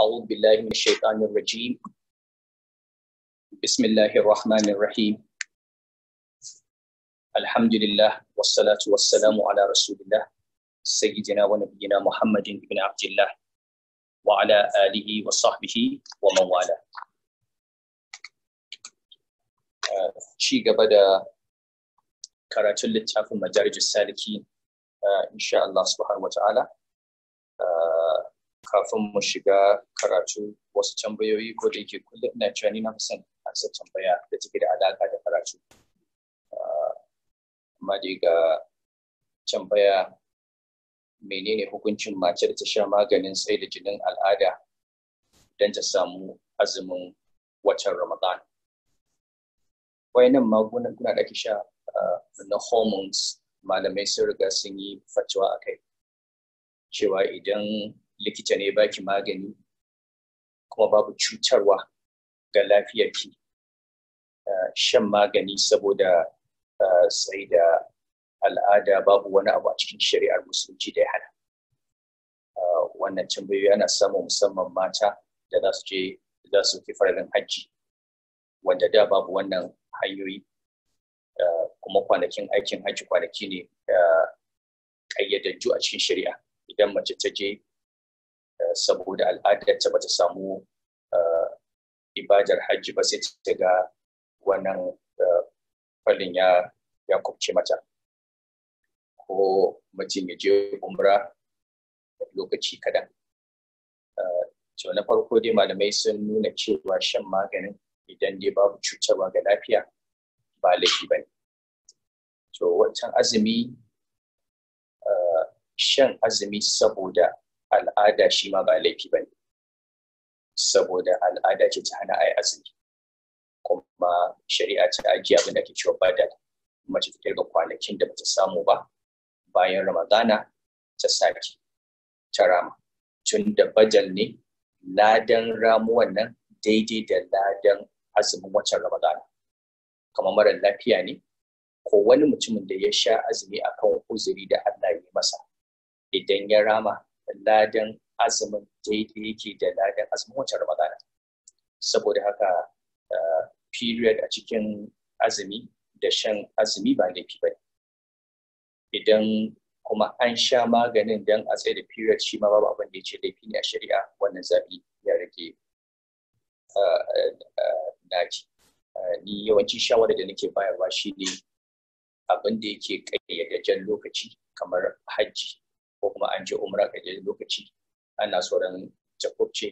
أعوذ بالله من الشيطان الرجيم بسم الله الرحمن الرحيم الحمد لله والصلاة والسلام على رسول الله سيدنا ونبينا محمد بن عبد الله وعلى آله وصحبه ومن والاه ci قبل da التعفو مدارج السالكين إن شاء الله سبحانه وتعالى Ah, kafin mu shiga karatu wasu tambayoyi ko da yake kullum ina cewa ni na fi son ansa tambaya da take da alaƙa da karatu ah, amma dai ga tambaya menene hukuncin mace da ta sha maganin sai da jinin al'ada don ta samu azumin watan ramadan wayannan magunan kuna da sha ah, na hormones malamai sun riga sun yi fatuwa a kai cewa idan likita ne baki magani kuma babu cutarwa ga lafiyarki eh, shan magani saboda eh, sai da al'ada babu wani abu a cikin shari'ar musulunci da ya hana eh, wannan tambayoyi ana samu musamman mata da za su je za su fi fararen hajji wanda da babu wannan hanyoyi kuma kwanakin aikin hajji kwanaki ne da ƙayyadajju a cikin shari'a idan mace ta je eh, saboda al'adar ta bata samu eh, ibadar hajji ba sai ta ga wannan eh, falin ya ya kubce mata ko mutum ya je umra lokaci kadan to na farko dai malamai sun nuna cewa shan maganin idan dai babu cutarwa ga lafiya ba laifi ba ne to wancan azumi shan azumi saboda al'ada shi ma ba laifi ba ne saboda al'ada ce ta hana yi azumi kuma shari'a ta ajiye abin da ke cewa bada mace fitar ga kwanakin da bata samu ba bayan ramadana ta sake ta rama tun da bajal ne ladan ramuwan nan daidai da ladan azumin watan ramadana kamar mara lafiya ne ko wani mutumin da ya sha azumi akan uzuri da Allah ya masa idan ya rama ladan azumin daidai yake da ladan azumin wancan ramadana saboda haka eh, period a cikin azumi da shan azumi ba laifi ba idan kuma an sha maganin don a tsaye da period shi ma babu abin da ya ce laifi ne a shari'a wannan zaɓi ya rage eh, eh, naci ni yawanci shawarar da nake bayarwa shi ne abin da yake ƙayyadajen lokaci kamar hajji ko kuma an je umra ka je lokaci ana tsoron jakobce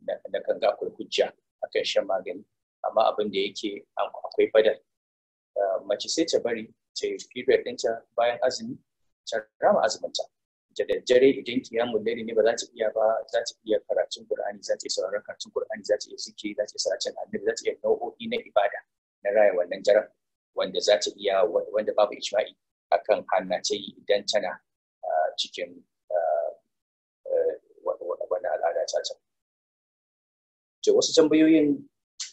da eh, kan ga a kan shan magani amma abin da yake akwai badal eh, mace sai ta bari ta yi fibiyar ɗinta bayan azumi ta rama azuminta da daddare idan kiyamun dare ne ba za ta iya ba za ta iya karatun qur'ani za ta iya sauraron karatun qur'ani za ta iya ziki? za ta iya salatin annabi za ta iya nau'o'i na ibada na raya wannan jaran wanda za ta iya wanda babu ijma'i akan kan idan tana cikin eh, eh, wani al'ada ta can. To wasu tambayoyin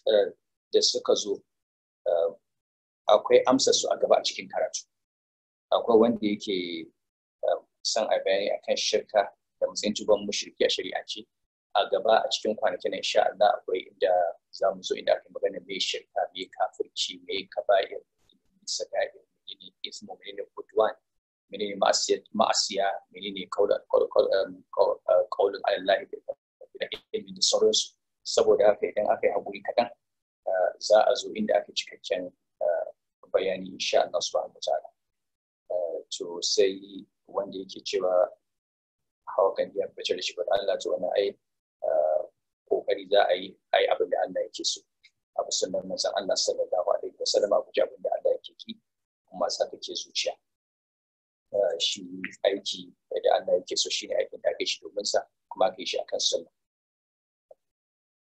eh, da suka zo akwai amsa su a gaba a cikin karatu. Akwai wanda yake son a bayani akan shirka da matsayin tuban mushriki a shari'ance a gaba a cikin kwanakin nan insha Allah akwai inda za mu zo inda aka magana mai shirka mai kafirci mai kaba'ir sagair menene ismu menene ne. menene ma'asiya menene kaulin Allah da ilmi da sauransu saboda haka idan aka yi haƙuri kaɗan za a zo inda aka cikakken bayani insha Allah subhanahu ta'ala to sai wanda yake cewa hawa kan iya bace da shi ba Allah to wannan ai kokari za a yi ai abin da Allah yake so abu sunan manzon Allah sallallahu alaihi wasallam abu abin da Allah yake ki kuma sa take zuciya shi aiki da Allah yake so shine aikin da ake shi domin sa kuma ake shi akan sunna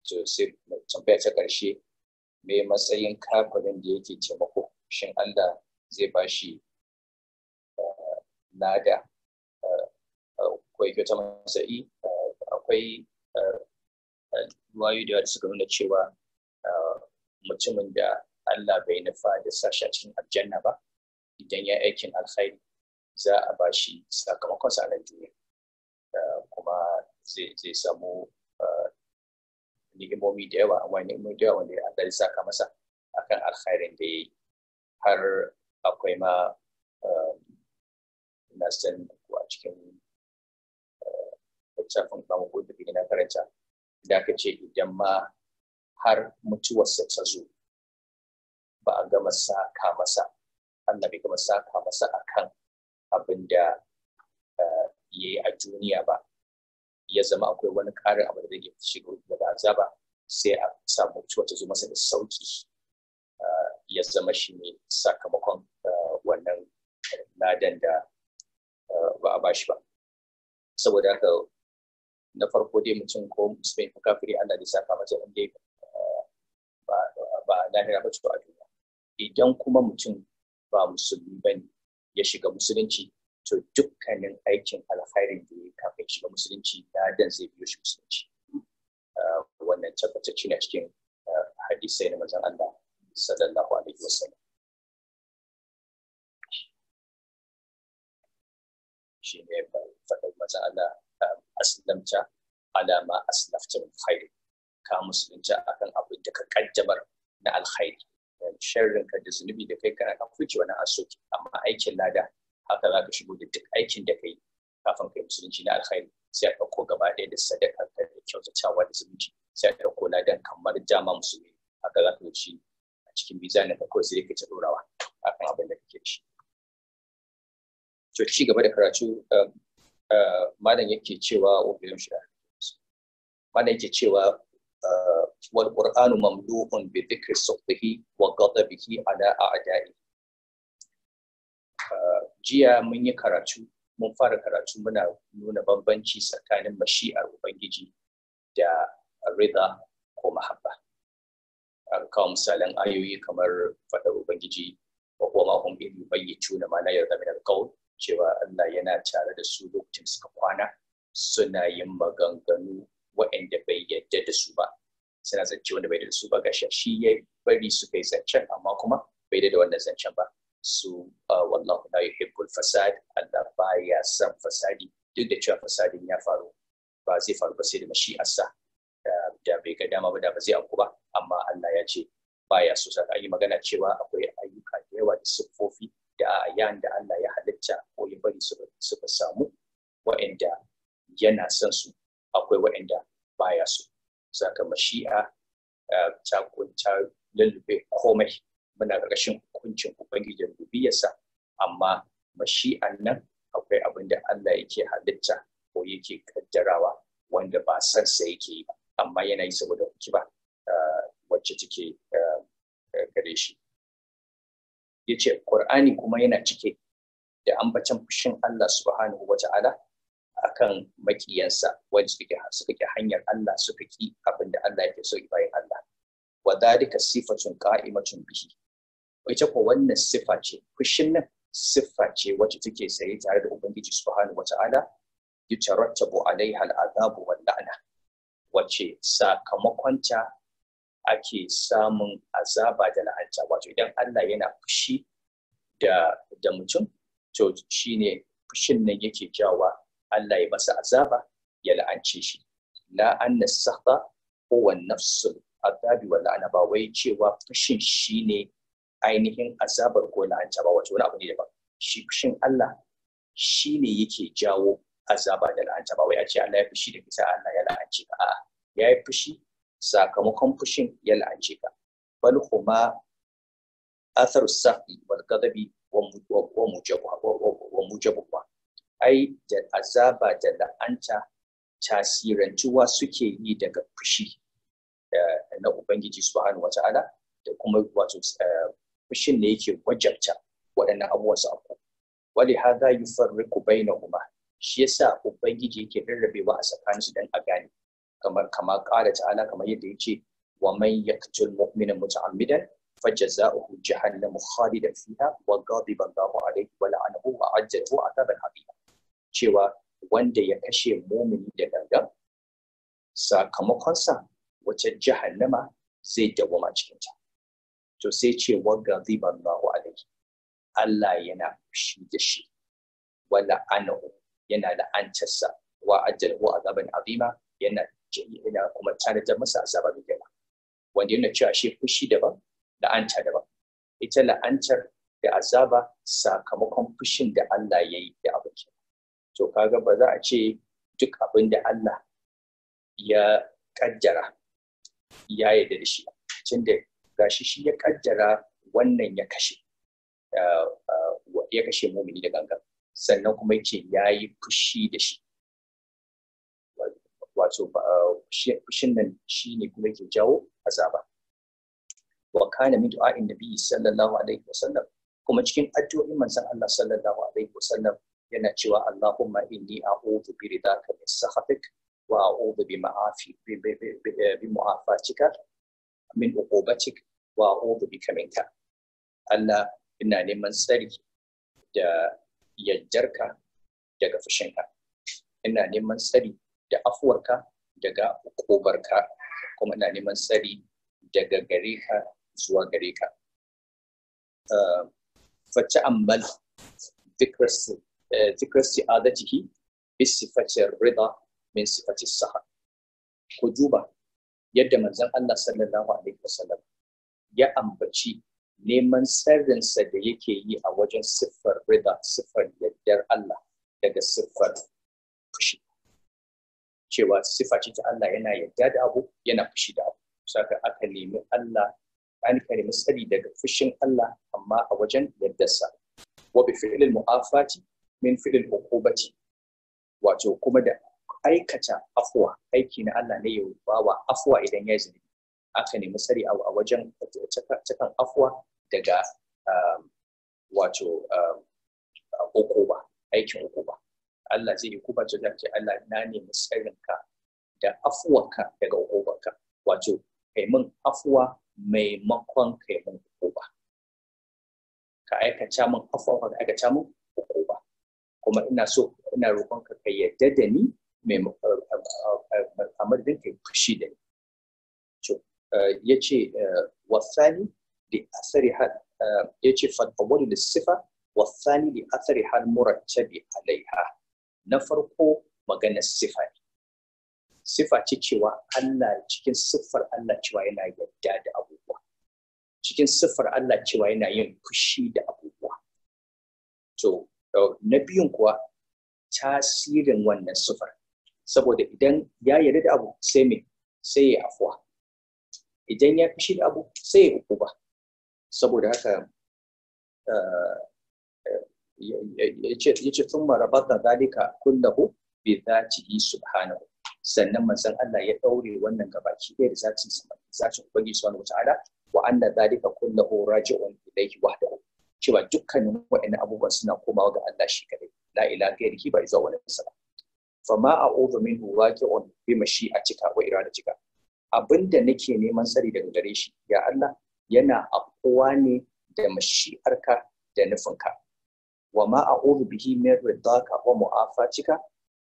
to sai tambaya ta karshe me matsayin kafirin da yake taimako shin Allah zai ba shi nada eh, eh, eh, ko ya kyauta akwai wayo da suka nuna cewa mutumin da Allah bai nufa da sashi a cikin aljanna ba idan ya aikin alkhairi za a ba shi sakamakon sa nan duniya kuma zai samu eh, ni'imomi da yawa amma ni'imomi da yawa wanda Allah ya saka masa akan alkhairin da yayi har akwai ma eh, na san a cikin eh, littafin kamar ko da na karanta da aka ce idan ma har mutuwarsa ta zo ba a gama saka masa annabi gama saka masa akan abin da eh, ya yi a duniya ba ya zama akwai wani ƙarin abu da zai shiga daga ba sai a samu mutuwa ta zo masa da sauki eh, ya zama shi ne sakamakon eh, wannan ladan da ba a bashi ba saboda haka na farko dai mutum ko musulmi ko kafiri Allah da saka mata inda ba lahira ba a duniya idan kuma mutum ba musulmi ba ne ya shiga musulunci to dukkanin aikin alkhairin da ya kafin shiga musulunci da dan zai biyo shi musulunci ah, wannan tabbatacci ne cikin ah, hadisai na manzon Allah sallallahu alaihi wasallam shi ne faɗin manzon Allah ah, aslamta ala ma aslafta min khairi ka musulunci akan abin da ka kaddabar na alkhairi Shan ka da zunubi da kai kana kan fuce wani asoki amma aikin lada haka za ka shigo da duk aikin da kai kafin kai musulunci na alkhairi sai a ɗauko gaba ɗaya da sadaka da kyautatawa da zumunci sai a ɗauko ladan kamar jama musulmi haka za ka wuce a cikin mizanin ka kawai sai ka ci dorawa akan abin da kake shi. To ci gaba da karatu eh, eh, malam yake cewa oh, malam yake cewa wal qur'anu mamduhun bi dhikri sukhtihi wa ghadabihi ala a'da'i ah, jiya mun yi karatu mun fara karatu muna nuna bambanci tsakanin mashi'ar ubangiji da rida ko mahabba an kawo misalan ayoyi kamar faɗar ubangiji wa kuma hum bi yubayyitu na ma la yarda min alqawl cewa Allah yana tare da su lokacin suka kwana suna yin maganganu waɗanda bai yadda da su ba suna zance wanda bai da su ba gashi shi ya bari su kai zancen amma kuma bai da wannan zancen ba su uh, wallahu la yuhibbul fasad Allah baya san fasadi duk da cewa fasadin ya faru ba zai faru ba sai da asa da bai ga dama ba da ba zai auku ba amma Allah ya ce baya so saka yi magana cewa akwai ayyuka da yawa da siffofi da ayan da Allah ya halitta ko ya bari su samu wa'anda yana son su akwai waɗanda baya su saka mashi'a eh, ta kunta lullube komai muna ƙarƙashin hukuncin ubangijin rubiyarsa amma mashi'an nan akwai abin da Allah yake halitta ko yake kaddarawa wanda ba san sa yake yi ba amma yana yi saboda ba eh, wacce take eh, gare shi yace ƙur'ani kuma yana cike da ambacin fushin Allah subhanahu wata'ala akan makiyansa wanda suke suka ki hanyar Allah suka ki abin da Allah yake so bayan Allah wa dalika sifatun qa'imatun bihi wace ko wannan sifa ce kushin nan sifa ce wacce take sayi tare da ubangiji subhanahu wata'ala yutarattabu alaiha al'adabu wal la'na Wace sakamakonta ake samun azaba da la'anta wato idan Allah yana fushi da da mutum to shine fushin nan yake jawa Allah ya masa azaba ya la'ance shi la'an sakha huwa nafsul azabi wa la'ana ba wai cewa fushin shine ainihin azabar ko la'anta ba wato wani abu ne daban shi fushin Allah shine yake jawo azaba da la'anta ba wai a ce Allah ya fushi da kisa Allah ya la'ance ka a'a ya yi fushi sakamakon fushin ya la'ance ka bal kuma atharu sahi wal ghadabi wa mujabu wa mujabu ai da azaba da la'anta tasirantuwa suke yi daga fushi eh, na ubangiji subhanahu wata'ala da kuma wato eh, fushin ne yake wajabta waɗannan abubuwan su afko wali hadha yufarriqu bainahuma shi yasa ubangiji yake rarrabewa a tsakanin su dan a gane kamar kama qala ta'ala kamar yadda ce wa man yaqtul mu'mina muta'ammidan فجزاؤه جهنم خالدا فيها وغضب الله عليه ولعنه وعجله عذابا عظيما cewa wanda ya kashe mumini da gangan sakamakonsa wace jahannama zai dawoma cikinta to sai ce wa ghadiban Allahu alaihi Allah yana fushi da shi wala anahu yana la'antarsa wa ajalhu azaban azima yana yana kuma da masa azaba mai wanda yana cewa shi fushi daban la'anta daban ita la'antar da azaba sakamakon fushin da Allah ya yi da abokin to kaga ba za a ce duk abin da Allah ya kaddara ya yarda da shi tunda gashi shi ya kaddara wannan ya kashe eh, eh, ya kashe mumini da gangan sannan kuma yake ya yi fushi da shi wato eh, fushin nan shi ne kuma yake jawo azaba wa kana min du'a'in nabi sallallahu alaihi wasallam kuma cikin addu'o'in manzon Allah sallallahu alaihi wasallam yana cewa Allahumma inni a'udhu bi ridaka min sakhatik wa a'udhu bi ma'afi bi eh, mu'afatika min uqubatik wa a'udhu bika minka Allah ina neman tsari da yajjarka daga fushinka ina neman tsari da afuwarka daga uqubarka kuma ina neman tsari daga gare ka zuwa gare ka eh, ambal duk ذكر استعادته بصفة الرضا من saha. Ku كجوبة yadda manzon Allah sallallahu alaihi wasallam ya ambaci neman sirrinsa da yake yi a wajen siffar rida siffar yardar Allah daga siffar fushi cewa siffa ce ta Allah yana yarda da abu yana fushi da abu saka aka nemi Allah an ka nemi tsari daga fushin Allah amma a wajen yardarsa wa bi fi'lil mu'afati min fi'il hukubati wato kuma da aikata afuwa aiki na Allah ne yau wa afuwa idan ya zunubi aka nemi sari a wajen cikan afuwa daga um, wato hukuba um, aikin hukuba Allah zai hukuba ta da Allah na nemi ka da afuwarka daga ka, wato kai afuwa maimakon kai min ka aikata min afuwa ka aikata min kuma ina so ina roƙon ka ka yarda da ni mai eh, eh, eh, da ka fushi da ni ya ce wasani da asari ya ce fadawar da sifa wasani da asari har murattabi alaiha na farko maganar sifa ne sifa ce cewa Allah cikin siffar Allah cewa yana yadda da abubuwa cikin siffar Allah cewa yana yin fushi da abubuwa to na biyun kuwa tasirin wannan sufar saboda idan ya yarda da abu sai me sai ya afuwa idan ya fishi da abu sai ya ba. saboda haka eh, eh, ya ce sun marabata zalika kullahu bi zatihi subhanahu sannan manzon Allah ya daure wannan gabaki ɗaya da zatin sa zatin ubangiji subhanahu wa ta'ala wa anna zalika kullahu raji'un ilayhi wahdahu cewa dukkanin waɗannan abubuwan suna komawa ga Allah shi kadai la ilaha illallah ba izuwa wani sala fama a over min waqi'un bi cika wa cika abinda nake neman sari daga gare shi ya Allah yana afkuwa ne da mashi'arka da nufinka wa ma a'udhu bihi min ridaka wa cika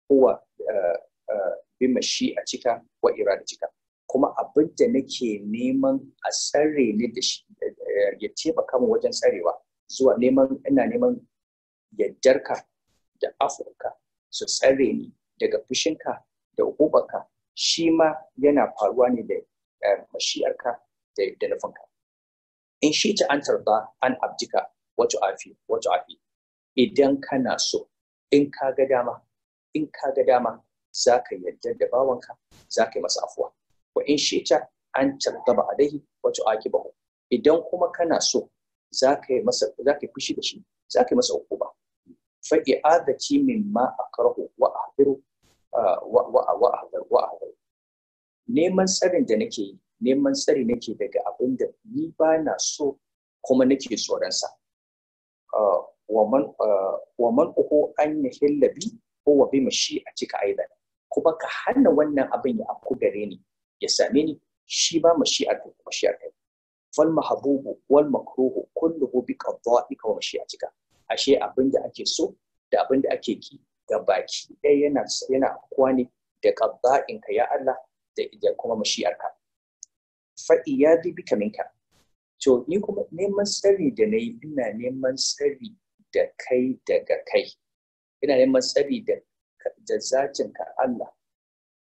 huwa eh, eh, bi cika wa cika. kuma da nake neman a tsare ni da shi eh, ya taimaka mu wajen tsarewa zuwa neman ina neman yaddarka da afurka su tsare ni daga fushinka da hukubarka shi ma yana faruwa ne da eh, mashiyarka da nufinka in shi ta an tarba an abdika wato afi wato afi idan kana so in ka ga dama in ka ga dama za ka yadda da bawanka za ka yi masa afuwa wa in shi ta an tarba dahi wato akibahu idan kuma kana so za ka yi masa za ka fushi da shi za ka yi masa hukuma fa i'adati mimma akrahu wa ahdiru wa wa wa wa neman tsarin da nake yi neman tsari nake daga abin da ni ba na so kuma nake tsoronsa wa man uku an hillabi ko wa bi mashi a cika aidan kuma ka hanna wannan abin ya afku gare ni ya same ni shi ba mashi a kai fal mahabubu wal makruhu kulluhu bi qada'ika wa ashe abinda da ake so da abinda ake ki ga baki ɗaya yana yana ne da qada'in ka ya Allah da da kuma mashi'arka fa iyadi bika minka to ni kuma neman sirri da nayi ina neman sirri da kai daga kai ina neman sirri da da zatin ka Allah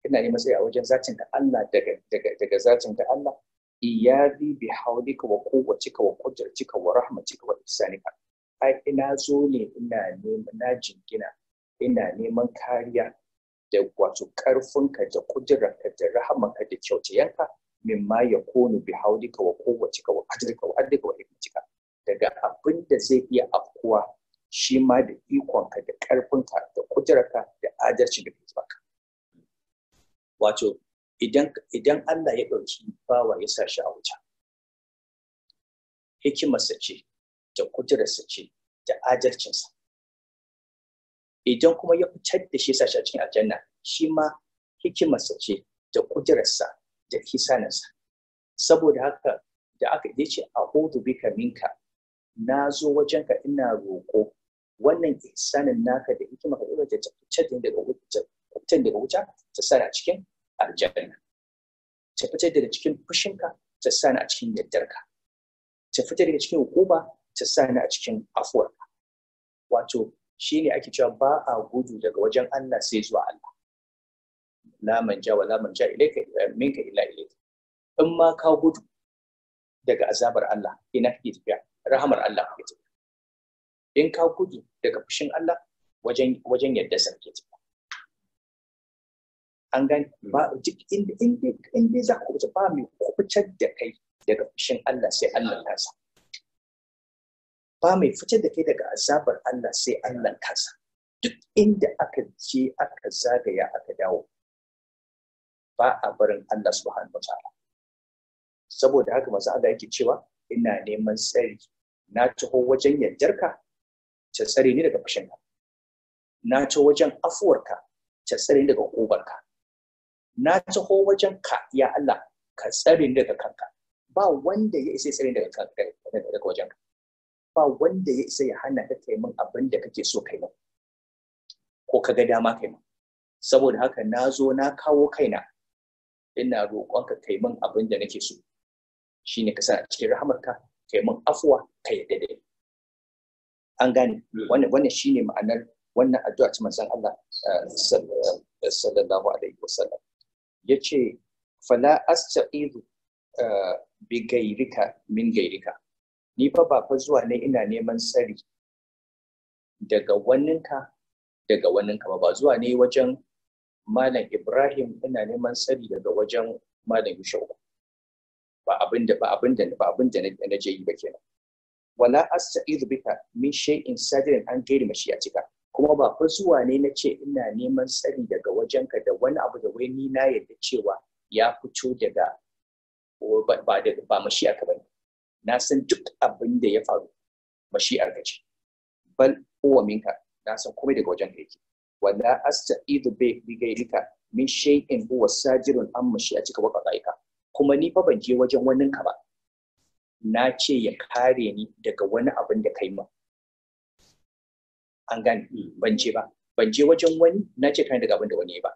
ina neman a wajen zatin ka Allah daga daga daga zatin ka Allah iyadi bi haudika wa kowace wa kujarcika wa rahmatika wa isanika ai ina zo ne ina neman na jingina ina neman kariya da wato karfinka da kudurarka da rahamanka da kyautayenka ma ya kone bi haudika wa kowace wa kujarka wa addika wa hikmatika daga abin da zai iya afkuwa shi ma da ikonka da karfinka da kudurarka da adalci da kuma wato idan Allah ya ɗauki bawa ya sa shi a wuta hikimarsa ce da kudurarsa ce da adalcinsa idan kuma ya fitar da shi sa shi a cikin aljanna shi ma hikimarsa ce da kudurarsa da hisanarsa saboda haka da aka yi ce a hudu bika minka na zo wajenka ina roko wannan ihsanin naka da hikima ka ta fitar daga wuta ta sa cikin aljanna ta fita daga cikin fushinka ta sani a cikin yardarka ta fitar daga cikin hukuma ta sani a cikin afuwarka wato shine ake cewa ba a gudu daga wajen Allah sai zuwa Allah la manja wa la manja ilaika eh, minka illa ilaika in ma ka gudu daga azabar Allah ina kake tafiya rahamar Allah kake tafiya in ka gudu daga fushin Allah wajen wajen yadda sarki tafiya an gani hmm. ba duk in dai za ku kubuta ba mai kubutar da kai daga fushin Allah sai Allah kansa ba mai fitar da kai daga azabar Allah sai Allah kansa duk inda aka je aka zagaya aka dawo ba a barin Allah subhanahu wataala saboda haka masu Allah yake cewa ina neman tsari na taho wajen yardarka ta tsare ni daga fushinka na taho wajen afuwarka ta tsare ni daga ka. na taho wajen ka ya Allah ka tsare ni daga kanka ba wanda ya isa tsare daga kanka daga wajen ka ba wanda ya isa ya hana ka kai min abin da kake so kai min ko ka ga dama kai min saboda haka na zo na kawo kaina ina roƙon ka kai min abin da nake so shine ka sa a cikin ka kai min afuwa ka yadda da an gane wannan shine ma'anar wannan addu'a ta manzon Allah eh, eh, sallallahu alaihi wasallam ya ce fala asta'idu eh, bi gairika min gairika ni fa ba fa zuwa ne ina neman sari daga waninka daga waninka ba ba zuwa ne wajen malam ibrahim ina neman sari daga wajen malam yushau ba abin da ba abin da ba abin da na je yi ba kenan wala asta'idu bika min shay'in sadirin an gairi cika. kuma ba fa zuwa ne na ce ina neman sani daga wajenka da wani abu da wai ni na yadda cewa ya fito daga ba da mashi'ar ka bane na san duk abin da ya faru mashi'ar ka ce bal huwa minka na san komai daga wajenka yake Wanda wala asta'idu bi ghayrika min shay'in huwa sajirun an mashi'atika wa qada'ika kuma ni fa ban je wajen waninka ba na ce ya kare ni daga wani abin da kai min an gane ban je ba ban je wajen wani na ce kai daga abin da wani ba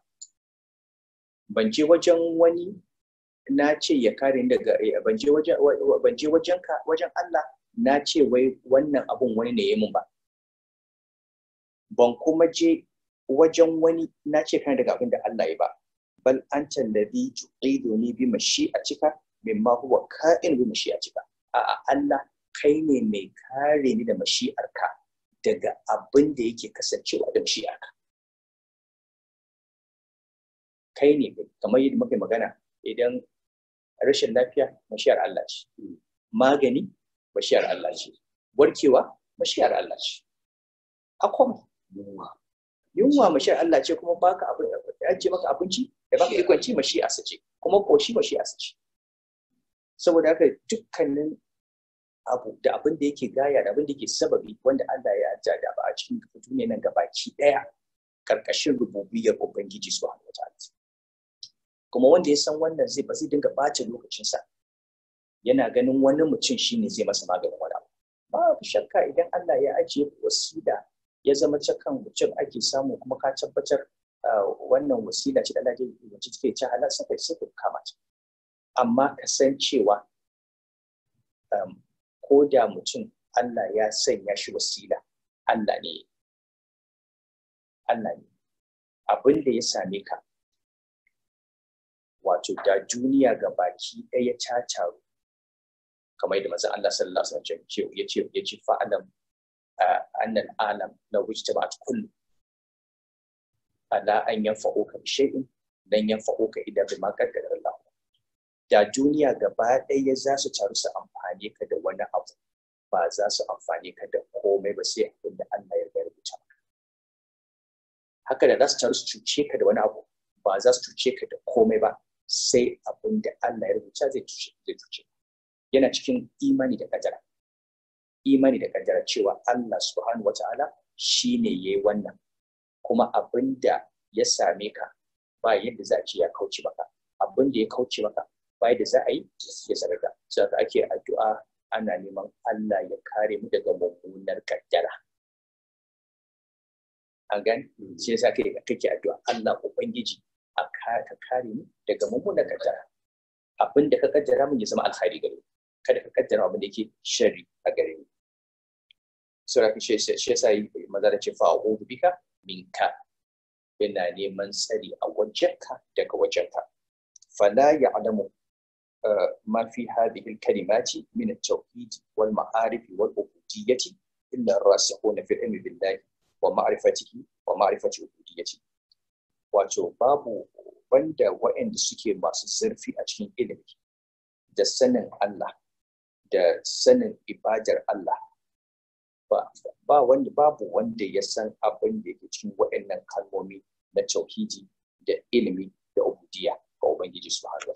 ban je wajen wani na ce ya kare ni daga eh, ban je wajen ban je wajen ka wajen Allah na ce wai wannan abun wani ne yayin ba ban kuma je wajen wani na ce kai daga abin da Allah ya ba bal an alladhi tuqiduni bi mashi'atika mimma huwa ka'in bi mashi'atika a'a Allah kai ne mai kare ni da mashi'arka daga abin da yake kasancewa don shi aka kai ne kamar yadda mafi magana idan rashin lafiya mashiyar Allah ce magani mashiyar Allah ce warkewa mashiyar Allah ce akwam yunwa yunwa mashiyar Allah ce kuma baka abin da maka abinci da baka ikon ci mashi asa ce kuma koshi mashi asa ce saboda haka dukkanin abu da abin da yake gaya da abin da yake sababi wanda Allah ya da ba a cikin duniya nan gabaki daya karkashin rububiyar ubangiji subhanahu wataala kuma wanda ya san wannan zai ba zai dinga lokacin sa yana ganin wani mutum shine zai masa maganin wani abu ba shakka idan Allah ya ajiye wasila ya zama cakan mutum ake samu kuma ka tabbatar wannan wasila ce da Allah ya wacce take ci halal sai sai ka amma ka san cewa um, ko da mutum Allah ya sanya shi wasila Allah ne Allah ne abin da ya same ka wato da duniya ga baki ɗaya ta taru kamar yadda manzon Allah sallallahu alaihi wasallam ya ce ya ce fa'alam annal alam la wajtabat kull ala an yanfa'uka bi shay'in dan yanfa'uka idza bima qaddara Allah da duniya gaba ɗaya za su taru su amfani ka da wani abu ba za su amfani ka da komai ba sai abin da Allah ya rubuta maka haka da za su taru su cuce ka da wani abu ba za su cuce ka da komai ba sai abin da Allah ya rubuta zai cuce zai cuce yana cikin imani da kadara. imani da kadara cewa Allah subhanahu wataala shine yayi wannan kuma abin da ya same ka ba yadda za a ce ya kauce maka abin da ya kauce maka da za a yi ya saraka, da su ake addu'a ana neman Allah ya kare mu daga mummunar kaddara a gan hmm. shi yasa kai kake addu'a Allah ubangiji a ka kare mu daga mummunar kaddara abin da ka kaddara mun ya zama alkhairi gare kada ka kaddara abin da yake sharri a gare mu. sura shi yasa maza da ce fa a'udhu bika minka yana neman tsari a wajenka daga wajenka fala ya'lamu ما في هذه الكلمات من التوحيد والمعارف والعبودية إلا الراسخون في العلم بالله ومعرفته ومعرفة عبوديته wato babu banda suke masu zurfi a cikin ilimi da sanin Allah da sanin ibadar Allah ba, ba wanda babu wanda ya san abin da yake cikin waɗannan kalmomi na tauhidi da ilimi da ubudiya ga Ubangiji Subhanahu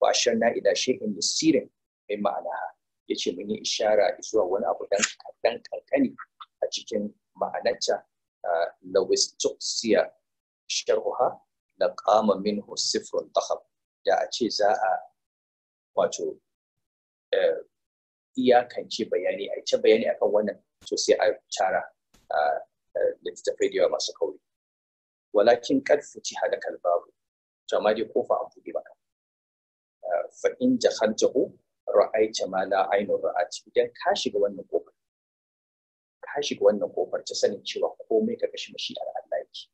wa asharna ila shay'in mai mai ma'ana yace mun yi ishara zuwa wani abu dan dan kankani a cikin ma'anarta lawis tuqsiya sharhuha la qama minhu sifrun dakhab da a ce za a wato e, iyakance bayani a ce bayani akan wannan to sai a tara e, littattafai da yawa masu kauri walakin kad fitiha da kalbabu to amma dai kofa an buɗe maka fa'in jahar jahu ra'ai ma la ainur idan ka shiga wannan kofar ka shiga wannan kofar ta sanin cewa komai ka kashi mashi'ar Allah yake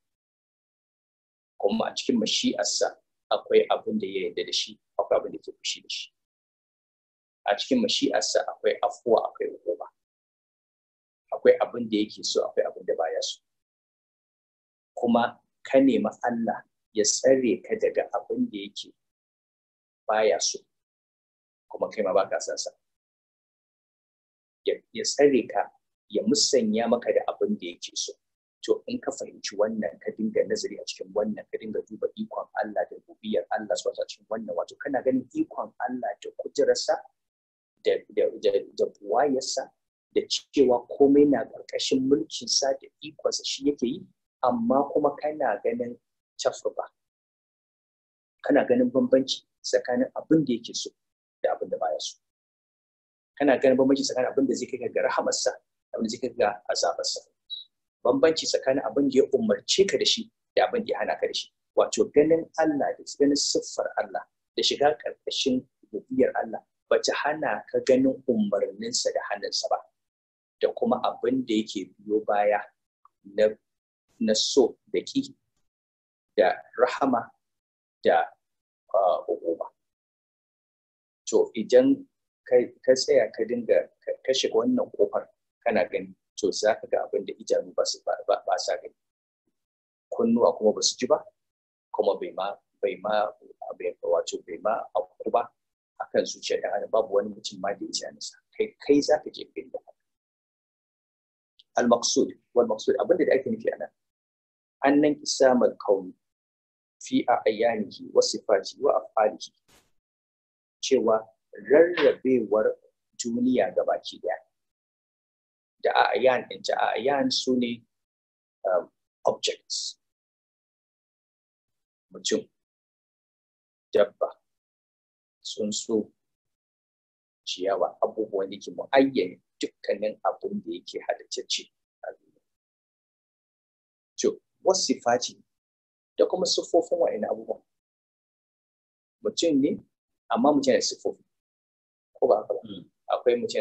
kuma a cikin mashi'arsa akwai abin da ya yarda da shi akwai abin da ke fushi da shi a cikin mashi'arsa akwai afuwa akwai hukuma akwai abin da yake so akwai abin da baya so kuma ka nemi Allah ya tsare ka daga abin da yake baya so kuma kai ma baka san sa ya tsare ka ya musanya maka da abin da yake so to in ka fahimci wannan ka dinga nazari a cikin wannan ka dinga duba ikon Allah da rububiyar Allah su cikin wannan wato kana ganin ikon Allah da kujerarsa da da buwayarsa da cewa komai na ƙarƙashin sa da ikonsa shi yake yi amma kuma kana ganin ba. kana ganin bambanci tsakanin abin da yake so da abin da baya so kana ganin bambanci tsakanin abin da zai kai ga rahamarsa abin da zai kai ga azabarsa bambanci tsakanin abin da ya umarce ka da shi da abin da ya hana ka da shi wato ganin Allah da ganin siffar Allah da shiga karkashin rubiyar Allah ba ta hana ka ganin umarninsa da hannunsa ba da kuma abin da yake biyo baya na na so da ki da rahama da hukuma to idan ka tsaya ka dinga ka shiga wannan kofar kana gani to za ka ga abin da idanu ba su ba sa gani kunnuwa kuma ba su ji ba kuma bai ma bai ma wato bai ma auku ba akan zuciya da adam babu wani mutum ma da ya nisa kai kai za ka je kai da al maqsud wal maqsud abin da ake nufi anan nanki kisamal kauni. fi a ayyanihi wa sifati wa afalihi cewa rarrabewar duniya ga baki daya da a ayyan din ta a ayyan su ne um, objects mutum dabba sun tsuntsu ciyawa abubuwan da ke mu'ayyana dukkanin abun da yake halittacce a duniya. To, wasu da kuma siffofin wa'annan abubuwan mutum ne amma mutum yana da siffofi ko ba haka ba mm. akwai mutum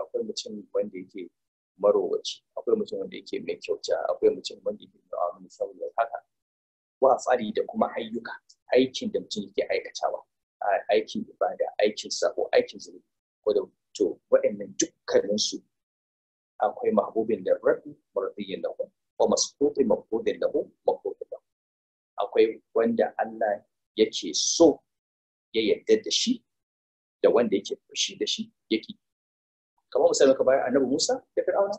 akwai mutum wanda yake marowaci akwai mutum wanda yake mai kyauta akwai mutum wanda yake mai amini saboda haka wa tsari da kuma ayyuka aikin da mutum yake aikatawa aikin ibada aikin sako aikin zunubi ko da to waɗannan su akwai mahbubin da rabu ko lahu wa masbubin mahbubin lahu mahbubin akwai wanda Allah yake so ya yarda da shi da wanda yake fushi da shi yake kamar misali ka bayar annabi Musa da Fir'auna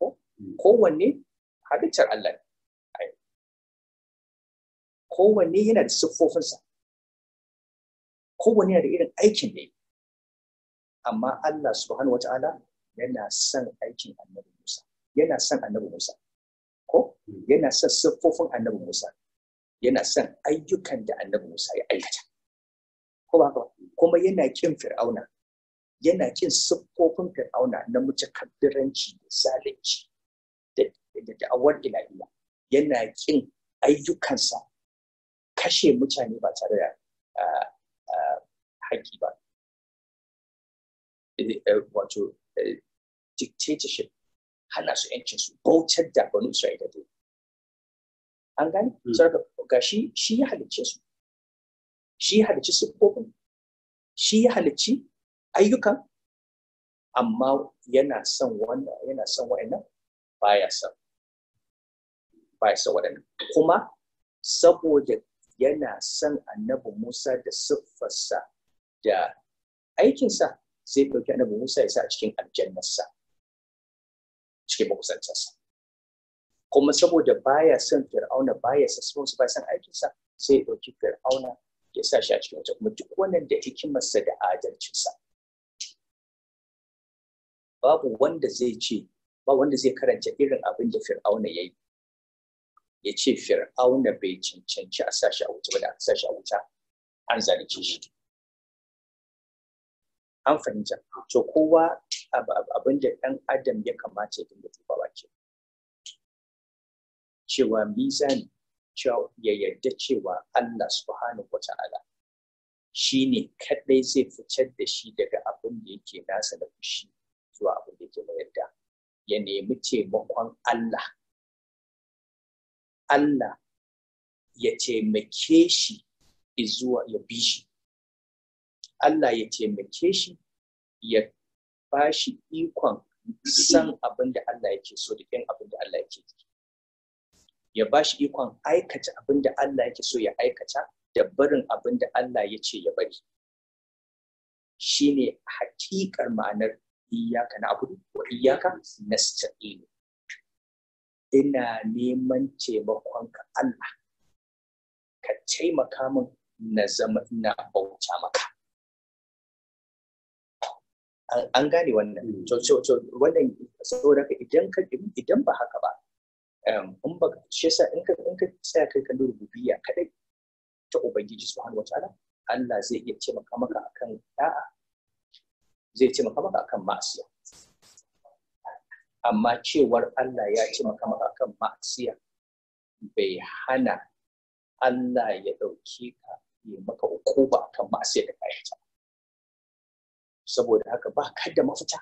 hmm. kowanne halittar Allah Ko kowanne yana da siffofinsa kowanne yana da irin aikin ne amma Allah subhanahu wata'ala yana son aikin annabi Musa yana son annabi Musa ko yana son siffofin annabi Musa yana son ayyukan da annabi Musa ya aikata ko ba ba, kuma yana kin fir'auna yana kin siffofin fir'auna na mutakabbiranci da zalunci da da'awar ilahiya yana kin ayyukansa kashe mutane ba tare da haƙi ba eh, eh, wato eh, dictatorship hana su yancin su bautar da banu Isra'ila dai an gani? Hmm. sarka ga shi shi ya halicce su shi ya halicci siffofin shi ya halicci ayyukan amma yana son wannan yana son wa'annan baya son baya son waɗannan kuma saboda yana son annabi Musa da siffarsa da aikinsa zai ɗauki annabi Musa ya sa a cikin aljannarsa cikin makusantarsa kuma saboda baya son fir'auna baya son sun su baya son aikinsa sai ya ɗauki fir'auna ya sa shi a cikin wata kuma duk wannan da hikimarsa da adalcinsa babu wanda zai ce ba wanda zai karanta irin abin da fir'auna ya yi ya ce fir'auna bai cancanci a sashi a wuta ba da a sa shi a wuta an zalunce shi an fahimta to kowa abin da ɗan adam ya kamata ya dinga dubawa ke cewa mizani ya yarda cewa Allah subhanahu wata'ala shi ne kaɗai zai fitar da shi daga abin da yake nasa da fushi zuwa abin da yake yarda ya nemi taimakon Allah Allah ya taimake shi zuwa ya bi shi Allah ya taimake shi ya ba shi ikon san abin da Allah yake so da yin abin da Allah yake ya ba shi ikon aikata abin da Allah yake so ya aikata da barin abin da Allah ya ce ya bari Shi ne hakikar ma'anar iyaka na abu wa iyaka nasta'inu ina neman taimakonka Allah ka taimaka min na zama ina bauta maka an gane wannan hmm. to so so wannan saboda ka idan ka idan ba haka ba um, in ba shi yasa in ka in ka tsaya kai kan rububiyya kadai ta ubangiji subhanahu wataala Allah zai iya taimaka maka akan da'a zai taimaka maka akan ma'asiya amma cewar Allah ya taimaka maka akan ma'asiya bai hana Allah ya ɗauki ka yi maka ba akan ma'asiyar da ta saboda haka ba ka da mafita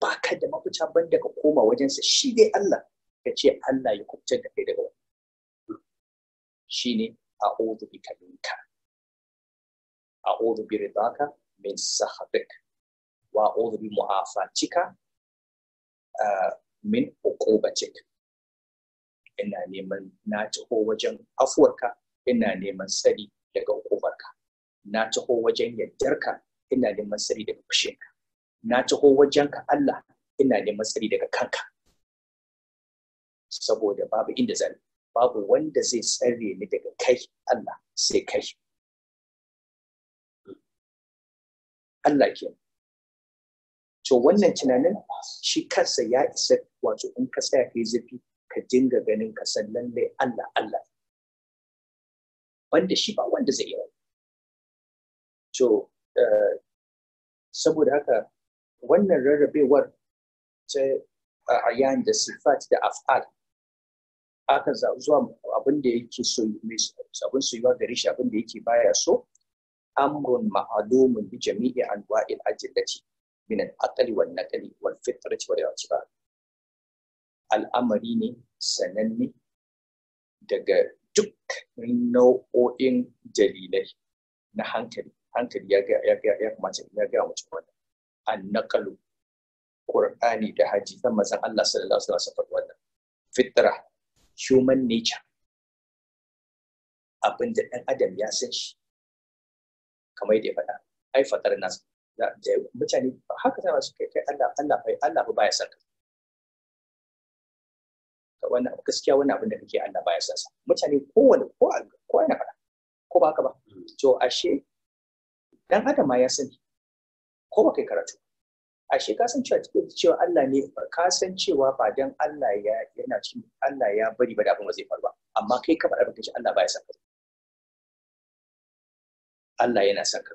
ba ka da mafita ban da ka koma wajensa shi dai Allah ka ce Allah ya kubtar da kai daga wani shi ne a ozu bi kalinka a ozu bi ribaka min sahabik wa ozu bi mu'afatika eh, min hukubatik ina neman na taho wajen afuwarka ina neman sari daga hukubarka na taho wajen yardarka ina neman matsari daga ka. na taho wajenka Allah ina neman matsari daga kanka saboda babu inda zan babu wanda zai tsare ni daga kai Allah sai kai Allah ke to wannan tunanin shi kansa ya isa wato in ka tsaya kai zafi ka dinga ganin ka san lalle Allah Allah wanda shi ba wanda zai yi to saboda haka wannan rarrabewar ta ayan da sifat da af'al aka zuwa abin da yake so abin soyuwa gare shi abin da yake baya so amrun ma'alumun bi jami'i anwa'il ajillati min al-aqli wal naqli wal fitrati wal i'tibar al'amari ne sananne daga duk nau'o'in dalilai na hankali hankali ya ya kamace ya ga mace wannan annakalu qur'ani da hadisan mazan Allah sallallahu alaihi wasallam wannan fitra human nature abin da dan adam ya san shi kamar yadda ya faɗa ai fatar nas da mutane haka ta su kai kai Allah Allah bai Allah ba ya san ka wannan gaskiya wannan abin da kake Allah baya san sa mutane kowanne ko ko yana faɗa ko ba haka ba hmm. to ashe dan adam ma ya sani ko ba kai karatu ashe ka san cewa cikin cewa Allah ne ka san cewa ba dan Allah ya yana cikin Allah ya bari ba da abin ba zai faru ba amma kai ka faɗa baka ce Allah baya son ka Allah yana son ka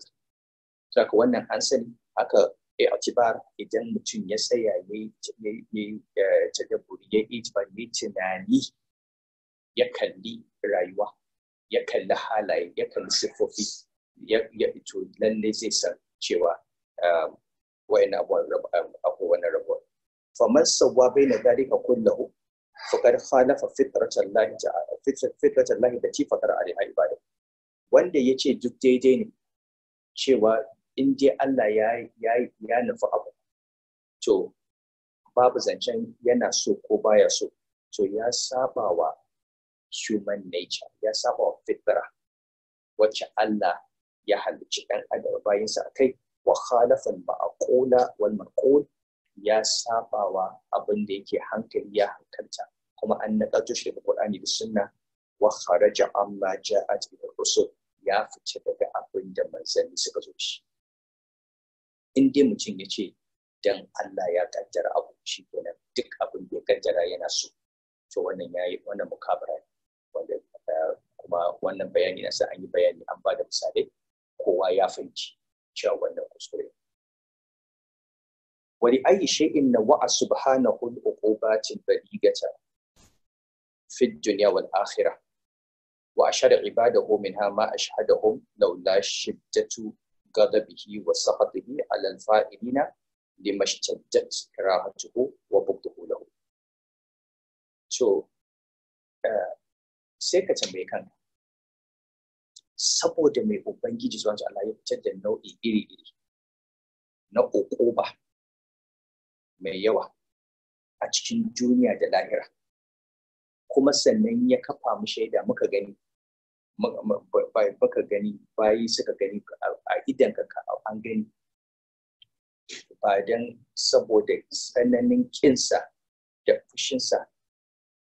saka wannan an sani haka a atibar idan mutum ya tsaya ya yi daburi, ya yi ne tunani ya kalli rayuwa ya kalli halaye ya kalli siffofi ya to lalle zai san cewa um, waina abu wani rabo famar sauwa bai na ka kullahu faqad khalafa fitratan lahi ta'ala fitratan lahi da ci fakar alaiha ibada wanda ce duk daidai ne cewa in dai Allah ya ya ya nufi abu to babu zancen yana so ko baya so to ya saba wa human nature ya saba wa fitra wacce Allah ya halicci ɗan adam bayinsa a kai wa khalafal ma'qula wal maqul ya sabawa abin da yake hankali ya hankalta kuma an naƙato shi daga Qur'ani da Sunna wa kharaja amma ja'at bi rusul ya fice daga abin da manzanni suka zo shi in dai mutum ya ce dan Allah ya kaddara abu shi kenan duk abin da ya kaddara yana so to wannan yayi wannan mukabara wanda eh, kuma wannan bayani na sa an yi bayani an ba da misalai kowa ya fahimci cewa wannan kuskure wani ayi shay'in na wa'a subhanahu al-uqubatil baligata fi dunya wal akhirah wa ashhadu ibadahu minha ma ashhadahum laula shiddatu ghadabihi wa sakhatihi ala al-fa'ilina limashtajjat karahatuhu wa bughduhu lahu To eh, sai ka tambaye kanka saboda mai ubangiji zuwa ga Allah ya fitar da nau'i iri-iri na ukuba mai yawa a cikin duniya da lahira kuma sannan ya kafa mu shaida muka gani baka gani bayi suka gani a idan ka an gani ba don saboda tsananin kinsa da fushinsa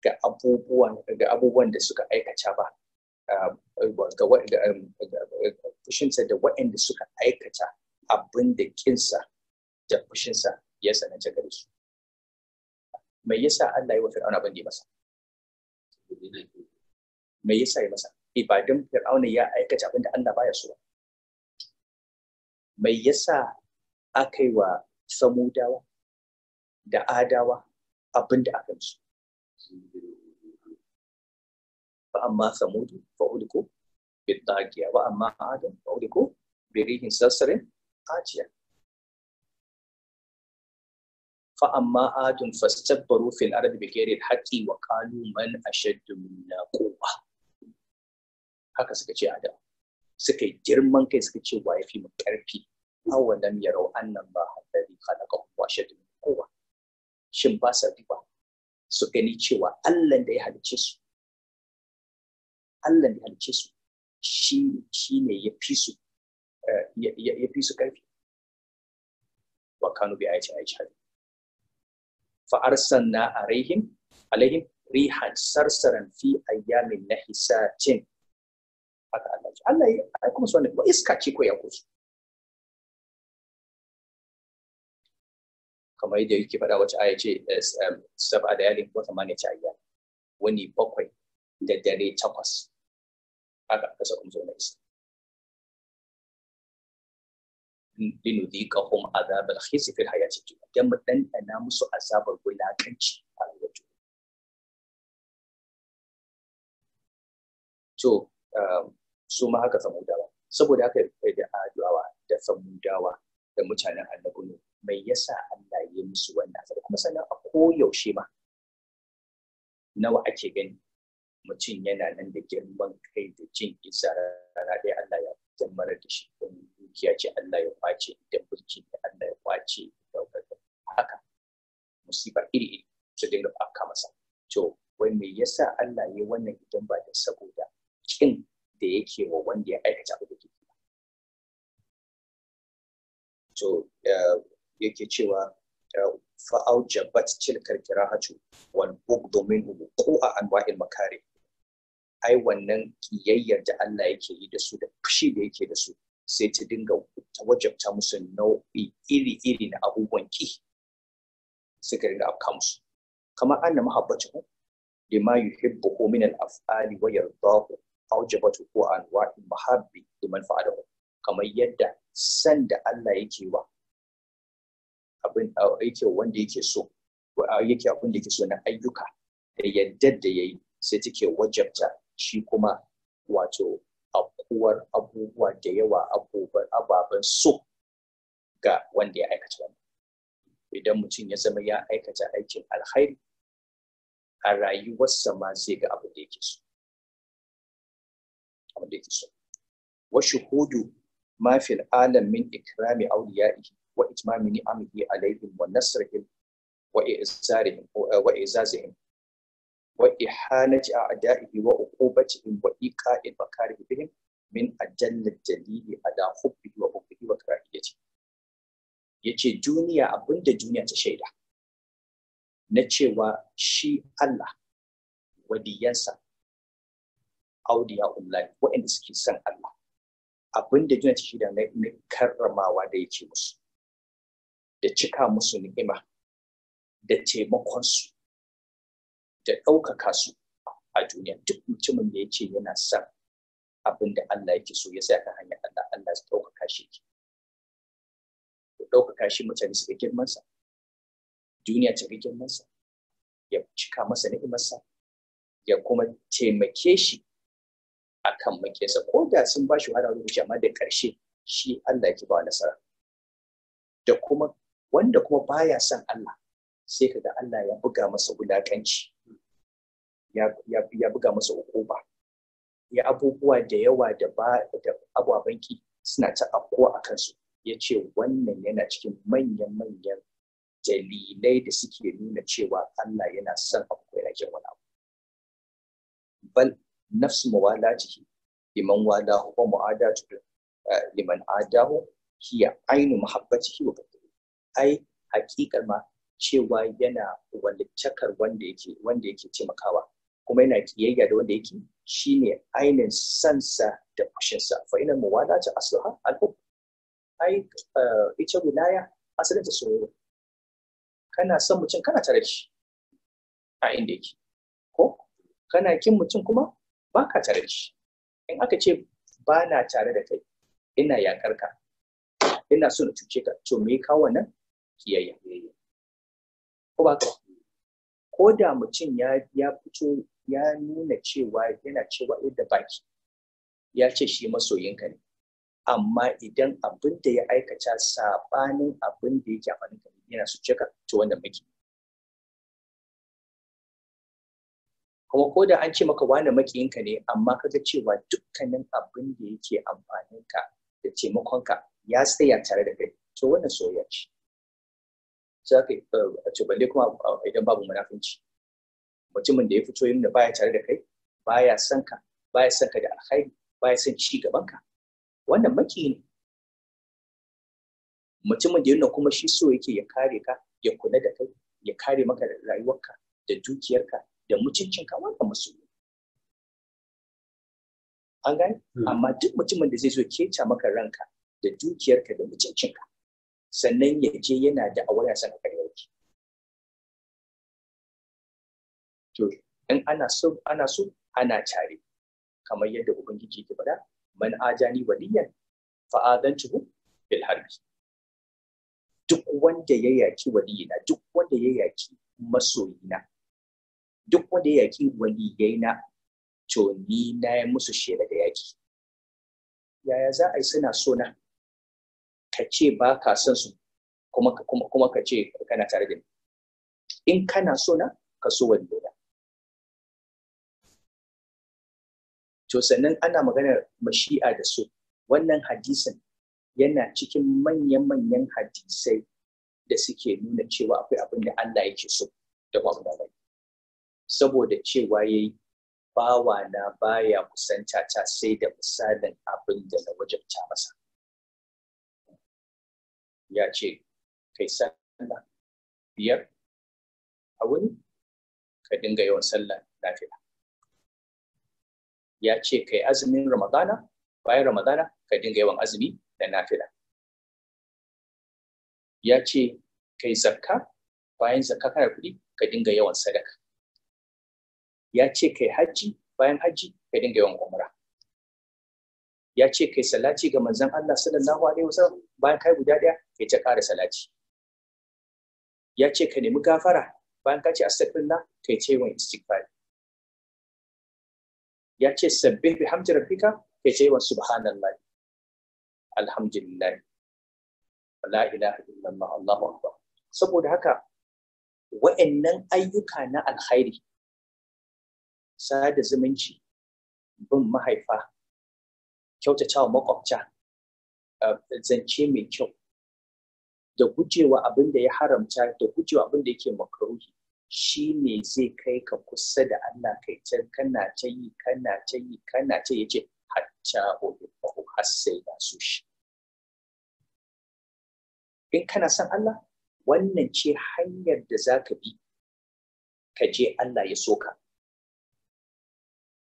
ga abubuwan da suka aikata ba Um, fushinsa da waɗanda suka aikata abin da kinsa da fushinsa ya sananta gare su. Mai yasa Allah ya wa Fir'auna abin da ya masa? Mai yasa ya masa? Ibadan eh, Fir'auna ya aikata abin da Allah baya so ba. Mai yasa aka yi wa Samudawa da Adawa abin da aka yi fa amma samudu fa وأما عاد wa amma adam قاتية فأما عاد sassarin ajiya fa amma adun وقالوا من أشد bi قوة haqqi wa haka suka ce adam suka yi girman kai suka ce wa yafi mu karfi awa lam yarau annan ba hadari khalaqahu wa shin ba sa duba su gani cewa Allah da ya halicce su Allah ya halice su shi shi ne ya fi su eh, ya fi su karfi wa kanu bi ayati aisha fa arsalna alaihim alaihim rihan sarsaran fi ayyamin nahisatin haka Allah ce Allah ya kuma su wannan ba iska ce ko ya kamar yadda yake faɗa wata aya ce eh, eh, saba da yalin wata mani ta ayya wani bakwai da dare takwas haka aka sa umzo na isa linuziqahum azab al-khizy fil hayati dunya dan mu dandana musu azabar wulakanci a rayuwar to um, suma haka samudawa saboda haka da aduwa da samudawa da mutanen annabi ne mai yasa Allah ya musu wannan azaba kuma sannan a koyaushe nawa ake gani mutum yana nan da girman kai da jin isa rana ɗaya Allah ya fitar mara da shi don dukiya ce Allah ya kwace da mulki da Allah ya kwace da daukaka haka musibar iri iri su dinga faka masa to wai me yasa Allah ya wannan idan ba da saboda kin da yake wa wanda ya aikata abu da ke to yake cewa fa'aujabat tilkar domin wal bugdu a qu'a anwa'il makari ai wannan kiyayyar da Allah yake yi da su da fushi da yake da su sai ta dinga wajabta musu nau'i iri-iri na abubuwan ki suka dinga afka musu kamar anna mahabbatuhu lima yuhibbuhu min al-af'ali wa yardahu awjabatu hu anwa'in mahabbi liman ku kamar yadda san da Allah yake wa abin yake wanda yake so yake abin da yake so na ayyuka da yadda da yayi sai take wajabta shi kuma wato akuwar abubuwa da yawa abubuwan ababen so ga wanda ya aikata wannan idan mutum ya zama ya aikata aikin alhairi a rayuwarsa ma zai ga abu da yake so abu da yake so wa shuhudu ma fil alam min ikrami awliyaihi wa itmami ni'amihi alaihim wa nasrihim wa izarihim wa izazihim wa ihanati a'da'ihi wa uqubatihim wa iqa'il makarihim min ajalla jalili a hubbihi wa hubbihi wa karahiyati yace duniya abinda duniya ta shaida na cewa shi Allah Audu ya ullahi waɗanda suke son Allah abinda duniya ta shaida na karramawa da yake musu da cika musu ni'ima da taimakonsu da ɗaukaka su a duniya duk mutumin da ya ce yana son abin da Allah yake so ya sa ka hanyar Allah Allah ya ɗaukaka shi ɗaukaka shi mutane su girman girmansa duniya ta ga ya cika masa sa ya kuma taimake shi akan makesa ko da sun ba shi wahala wajen amma da ƙarshe shi Allah yake ba nasara da kuma wanda kuma baya son Allah sai kaga Allah ya buga masa wulakanci ya buga masa ukuba ya abubuwa da yawa da ba ababen ki suna ta afkuwa a kansu ya ce wannan yana cikin manyan-manyan dalilai da suke nuna cewa Allah yana son abu ko yana wani abu. Bal nafsu mawala jiki liman wala huwa mu'ada eh, liman adahu hiya ainu mahabbatihi wa qadri ai haƙiƙar ma cewa yana walittakar wanda yake wanda yake taimakawa kuma yana kiyayya da wanda yake ne ainihin sansa da kushinsa. fa ina wada ta asluha al-hub ai eh, ita wilaya asalin ta soyayya kana son mutum kana tare shi a inda yake ko kana kin mutum kuma baka tare shi in aka ce ba na tare da kai ina yakar ka ina so na cuce ka to me ka wannan kiyayya ko ba ka Koda mutum ya ya fito ya nuna cewa yana cewa yadda baki ya ce shi masoyinka ne amma idan abin da ya aikata saɓanin abin da yake amfani ka yana su cika to wanda maki kuma ko an ce maka wani makiyinka ne amma ka ga cewa dukkanin abin da yake amfaninka ka da taimakonka ya tsaya tare da kai to wannan soyayya ce sai aka eh, ce balle kuma idan babu munafunci mutumin da ya fito yin da baya tare da kai baya son ka baya son ka da alkhairi baya son ci gaban ka wannan maki ne mutumin da yana kuma shi so yake ya kare ka ya kula da kai ya kare maka da rayuwarka da dukiyarka da mutuncinka wannan musulmi an gani hmm. amma duk mutumin da zai zo keta maka ranka da dukiyarka da mutuncinka sannan ya je yana da a ya san karyanki to in ana so ana so ana tare kamar yadda ubangiji ke faɗa man ajani waliyan fa adantuhu bil harbi duk wanda ya yaki waliyina duk wanda ya yaki masoyina duk wanda ya yaki waliyaina to ni na yi musu shaida da yaki yaya za a yi suna so na ka ce ba ka son su kuma kuma ka ce kana tare da ni in kana so na ka so wanda na to sannan ana maganar mashi'a da so wannan hadisin yana cikin manyan-manyan hadisai da suke nuna cewa akwai abin da Allah yake so da babu da saboda cewa yayi bawa na baya kusanta ta sai da misalin abin da na wajabta masa ya ce kai sallah biyar a wuni ka dinga yawan sallah lafiya ya ce kai azumin ramadana bayan ramadana ka dinga yawan azumi da nafila ya ce kai zakka bayan zakka kana kuɗi ka dinga yawan sadaka ya ce kai hajji bayan hajji ka dinga yawan umra ya ce kai salati ga manzon Allah sallallahu alaihi wasallam bayan kai guda ɗaya ya ta ƙara salati ya ce ka nemi gafara bayan ka ce astaghfirullah kai ce wa istighfar ya ce sabbih bihamdi rabbika kai ce wa subhanallah alhamdulillah la ilaha illallah allahu akbar saboda haka wa'annan ayyuka na alkhairi sada zumunci bin mahaifa kyautatawa makwabta zance mai kyau da gujewa abin da ya haramta da gujewa abin da yake makaruhi shi ne zai kai ka kusa da Allah kai can kana ta yi kana ta yi kana ta yi ce hatta ubu har sai da su shi in kana son Allah wannan ce hanyar da za ka bi ka je Allah ya so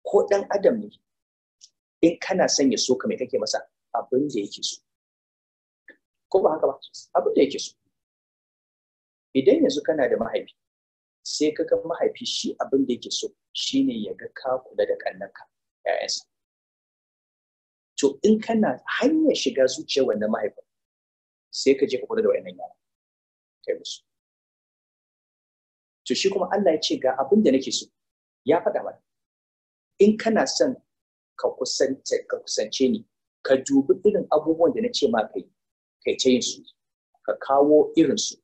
ko ɗan adam ne in kana son ya soka mai kake masa abin da yake so ko ba haka ba abin da yake so idan yanzu kana da mahaifi sai ka ga mahaifi shi abin da yake so shine ya ga ka kula da kannanka 'ya'yansa. to in kana hanyar shiga zuciyar wannan mahaifin sai ka je ka kula da wannan yara kai musu to shi kuma Allah ya ce ga abin da nake so ya faɗa mana in kana son ka kusance ka kusance ni ka dubi irin abubuwan da na ce ma kai kai ta yin su ka kawo irin su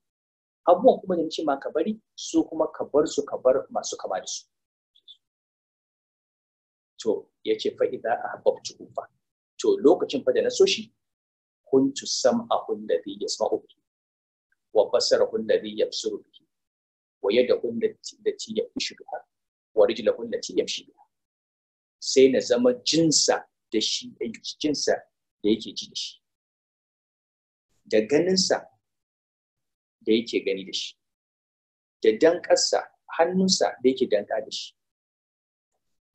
abubuwan kuma da na ce ma ka bari su kuma ka bar su ka bar masu kama da su to ya ce fa'ida a habbabci kufa to lokacin fa da na so shi kuntu sam a hundari ya sama uku wa basar hundari ya suru wa da hundari ya fi wa rijila ladhi ya fi sai na zama jinsa da shi jikinsa da yake ji da shi da ganinsa da yake gani da shi da dankarsa hannunsa da yake danka da shi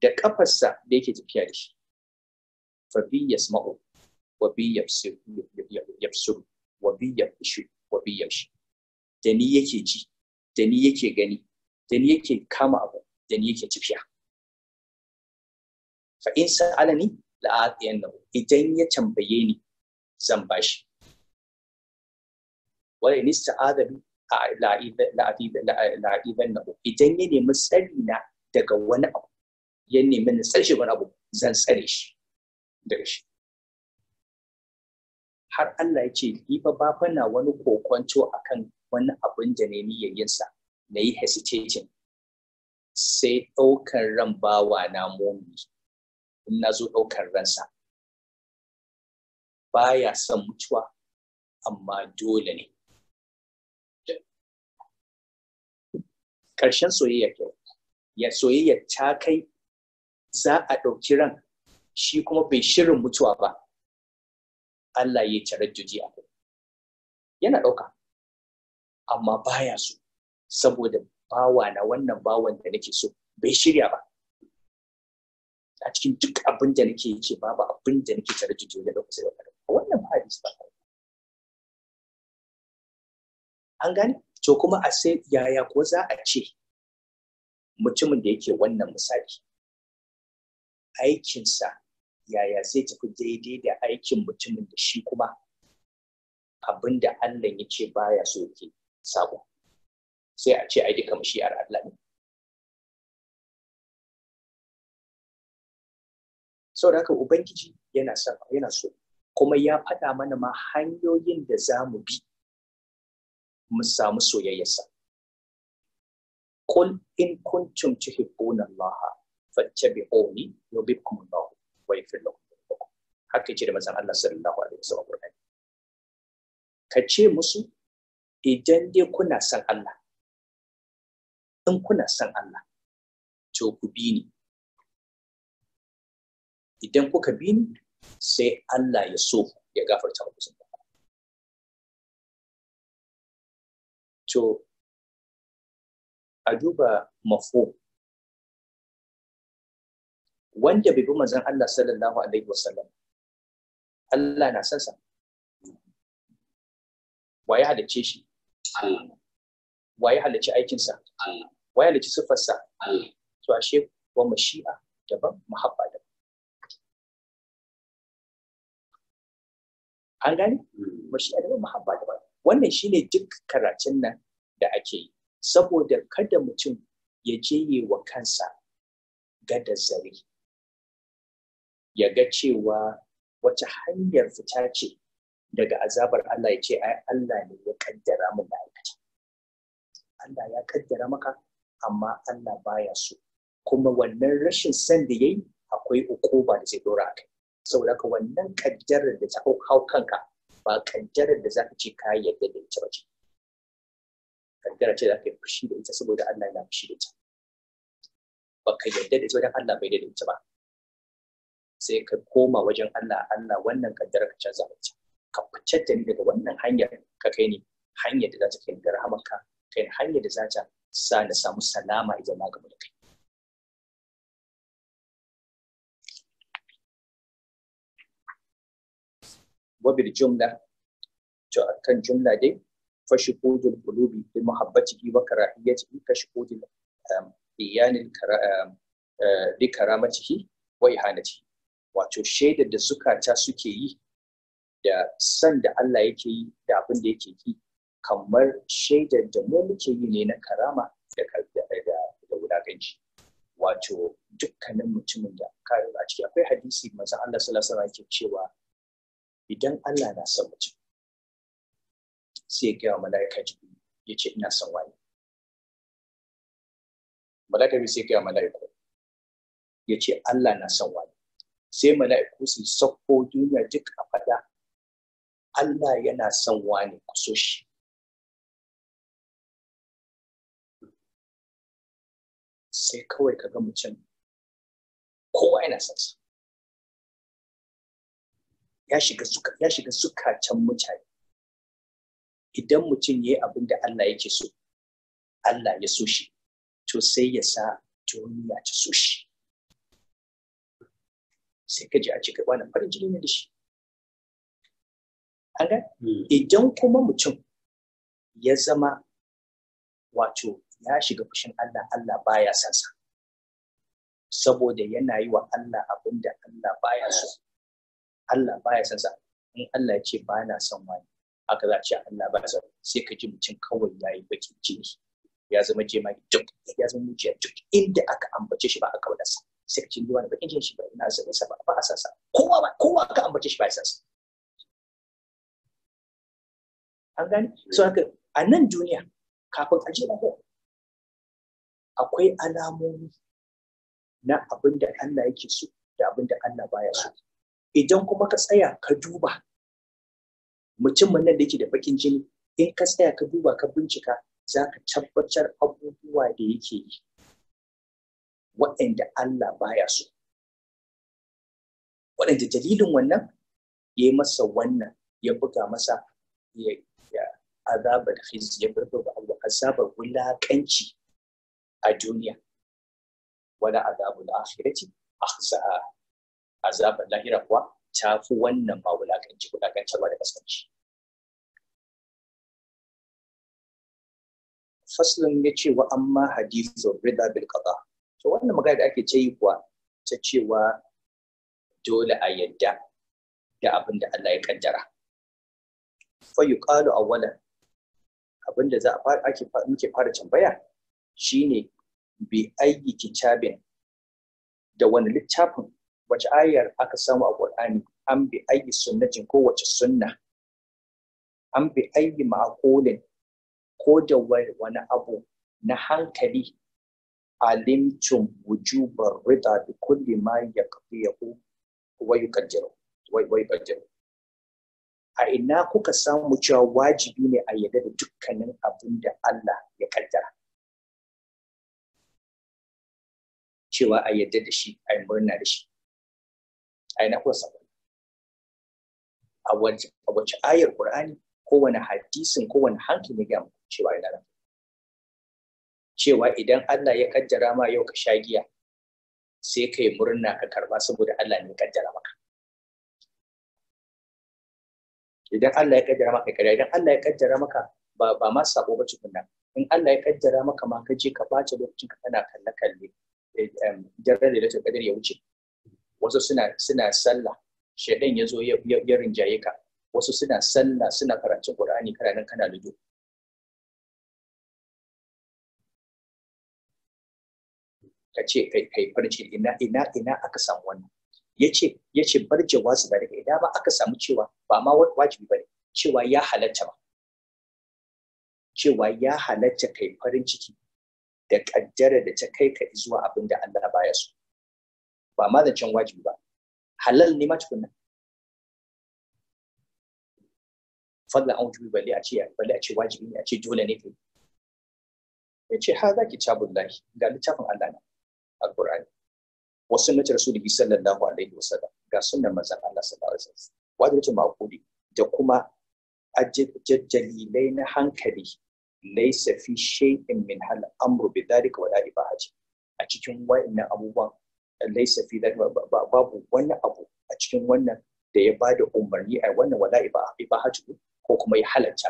da ƙafarsa da yake tafiya da shi fa bi yasma'u wa bi yabsuru wa bi yabshu wa bi yabshi da ni yake ji da ni yake gani da ni yake kama abu da ni yake tafiya fa in sa'alani la'atiyan lahu idan ya tambaye ni zan ba shi. bashi wala in ista'ada la'iban lahu idan ya nemi tsari na daga wani abu ya nemi na tsarshe wani abu zan tsare shi daga shi har Allah ya ce ni fa ba na wani kokonto akan wani abin da ne ni yayin sa na yi hesitating sai ɗaukar ran bawa na momi in na zo ɗaukar ransa ba ya son mutuwa amma dole ne ƙarshen soyayya kyau ya soyayya ta kai za a ɗauki ran shi kuma bai shirin mutuwa ba Allah ya taraddudi a kai yana ɗauka amma baya so saboda bawa na wannan bawan da nake so bai shirya ba a cikin duk abin da nake yake babu abin da nake tare da juriya da kusa da wannan ba hadisi ba an gane to kuma a sai yaya ko za a ce mutumin da yake wannan misali aikinsa yaya zai tafi daidai da aikin mutumin da shi kuma abin da Allah ya ce baya so yake sabo sai a ce ai duka ar Allah ne saboda haka ubangiji yana son yana so kuma ya faɗa mana ma hanyoyin da za mu bi mu samu soyayyarsa qul in kuntum tuhibbuna Allah fattabi'uni yubikum Allah wa yaghfir lakum haka ce da manzon Allah sallallahu alaihi wasallam Qur'ani ka ce musu idan dai kuna son Allah in kuna son Allah to ku bi ni idan kuka bi ni sai Allah ya so ya gafarta muku sun to a duba mafo wanda bai bi manzon Allah sallallahu alaihi wasallam Allah na san sa wa ya halicce shi Allah wa ya aikin aikinsa Allah wa ya halicci siffarsa Allah to ashe wa mashi'a daban mahabba daban an gani? Hmm. ba shi da muhabba da wannan shine duk karatun nan da ake yi saboda kada mutum ya je yi wa kansa gada zari ya ga cewa wata hanyar fita ce daga azabar Allah ya ce ai Allah ne ya kaddara min da aikata Allah ya kaddara maka amma Allah baya so kuma wannan rashin san da yayi akwai ukuba da zai dora kai saboda wannan kaddarar da ta hau kanka ba kaddarar da za ka ce ka yadda da ita ba ce kaddara ce za ka yi fushi da ita saboda Allah yana fushi da ita ba ka yadda da ita wajen Allah bai da ita ba sai ka koma wajen Allah Allah wannan kaddara ka canza ita ka fitar da ni daga wannan hanyar ka kai ni hanyar da za ta kai ni ga rahamarka kai hanyar da za ta sa na samu salama idan na gama da kai wabir jumla to akan jumla dai fashi shuhudul qulubi bi muhabbatihi wa karahiyatihi ka shuhudil bi karamatihi wa ihanati wato shaidar da zukata suke yi da san da Allah yake yi da abin da yake yi kamar shaidar da mu muke yi ne na karama da da wulaganci wato dukkanin mutumin da kare a ciki akwai hadisi manzon Allah sallallahu alaihi wasallam yake cewa idan Allah na son mutum sai ya gaya mala'ika jibril ya ce ina son wani mala'ika bi sai ya gaya mala'iku ya ce Allah na son wani sai mala'iku su sakko duniya duk a fada Allah yana son wani ku so shi sai kawai ka ga mutum kowa yana son sa ya shiga suka ya shiga can mutane idan mutum yayi abin da Allah yake so Allah ya so shi to sai ya sa ya ta so shi sai ka ji a cikin wannan farin jini ne da shi aga hmm. idan kuma mutum ya zama wato ya shiga fushin Allah Allah baya sansa saboda yana yi wa Allah abin da Allah baya so Allah baya son sa in Allah ya ce ba na son wani haka za a ce Allah ba sa sai ka ji mutum kawai yayi baki jini ya zama jemagi duk ya zama mujiya duk inda aka ambace shi ba a sa sai ka ci wani ba bakin jini shi ba ina zaɓe sa ba a sasa kowa ba kowa aka ambace shi ba a sasa an gani so haka a nan duniya kafin a je lahira akwai alamomi na abin da Allah yake so da abin da Allah baya so idan kuma ka tsaya ka duba mutumin nan da yake da bakin jini in ka tsaya ka duba ka bincika za ka tabbatar abubuwa da yake yi waɗanda Allah baya so waɗanda dalilin wannan ya yi masa wannan ya buga masa ya azabar hizi ya Allah azabar wulaƙanci a duniya Wani na azabul akhirati akhzaha azabar lahira kuwa ta fi wannan ma wulakanci wulakantarwa da kasance. faslin ya ce wa amma hadithun rida bil qada to wannan magana da ake ce kuwa ta cewa dole a yadda da abin da Allah ya kaddara fa yuqalu awwalan abin da za a ake muke fara tambaya shine bi ayyi kitabin da wani littafin wace ayar aka samu a Qur'ani an bi ayi sunnatin ko wace sunna an bi ayi ma'qulin ko da wani abu na hankali alimtum wujubar rida bi kulli ma yaqdiyahu wa yukaddiru wai a ina kuka samu cewa wajibi ne a yadda da dukkanin abin da Allah ya kaddara cewa a yadda da shi a murna da shi a ina kuka samu a wace ayar qur'ani wani hadisin ko wani hankali ne ga cewa yana nan cewa idan Allah ya kaddara ma yau ka sha giya sai kai murna ka karba saboda Allah ne ya kaddara maka idan Allah ya kaddara maka kariya idan Allah ya kaddara maka ba ba ma sabo ba cikin nan, in Allah ya kaddara maka ma ka je ka bace lokacin ka kana kalle kalle eh, eh, daren da ta kadar ya wuce wasu suna suna sallah shedan ya zo ya rinjaye ka wasu suna sallah suna karatun qur'ani kana nan kana ludo ka ce kai kai farce ina ina ina aka samu wannan yace yace bar wasu da daga idan ba aka samu cewa ba ma wajibi bane cewa ya halatta ba cewa ya halatta kai farin ciki da kaddara da ta kai ka zuwa abin da Allah baya so ba ma zancen wajibi ba halal ne ma tukunna fadlan an wujubi balle a ce balle a ce wajibi ne a ce dole ne kai ya ce ha za ki cabullahi ga littafin Allah ne alqur'ani wa sunnati rasulihi sallallahu alaihi wasallam ga sunnar manzon Allah sallallahu alaihi wasallam wajibi maquli da kuma jajjalilai na hankali laysa fi shay'in min hal amru bi dhalika wa la ibahati a cikin wa'annan abubuwan laisa fi babu wani abu a cikin wannan da ya bada umarni a wannan wala ibahatu ko kuma ya halarta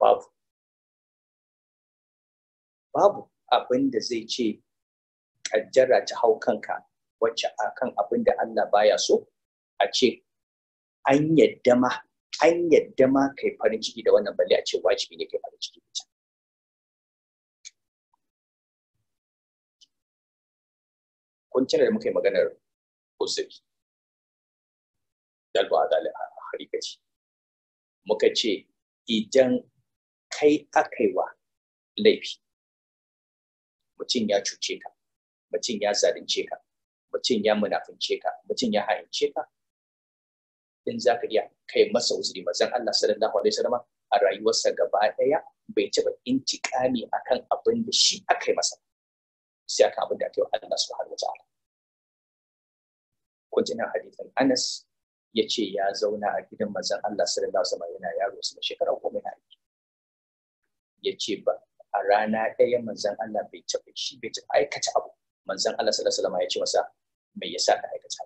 babu babu abin da zai ce kaddara ta hau kanka wacce a kan abin da Allah baya so a ce an yadda ma kai farin ciki da wannan balle a ce wajibi ne kai farin ciki da kwanciyar da muka yi maganar usubi da a harikaci muka ce idan kai aka wa laifi mutum ya cuce ka mutum ya zalunce ka mutum ya munafince ka mutum ya haince ka in za ka iya kai masa uzuri mazan Allah sallallahu alaihi wasallam a rayuwarsa gaba daya bai taba intikami akan abin da shi aka yi masa sai akan abin da ake wa Allah subhanahu wataala kwajinan hadithin Anas ya ce ya zauna a gidan mazan Allah sallallahu alaihi wasallam yana yaro sama shekara goma na aiki ya ce ba a rana ɗaya mazan Allah bai taɓa shi bai taɓa aikata abu manzan Allah sallallahu alaihi wasallam ya ce masa mai yasa ka aikata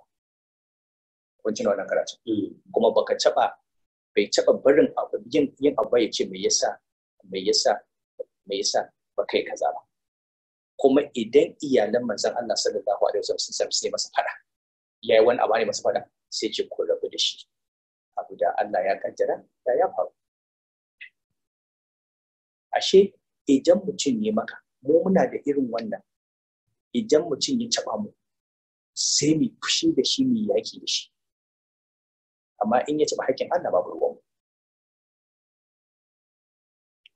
kun tuna wannan karatu mm. kuma baka taɓa bai taɓa barin abu yin yin abu ya ce mai yasa mai yasa mai yasa ba kai kaza ba kuma idan iyalan mazan Allah sallallahu alaihi wasallam sun sami sai masa fada ya yi wani abu ne masu faɗa sai ce ko rabu da shi abu da Allah ya kaddara da ya faru ashe idan mutum ya maka mu muna da irin wannan idan mutum ya taɓa mu sai mu fushi da shi mu yaki da shi amma in ya taba hakkin Allah babu ruwan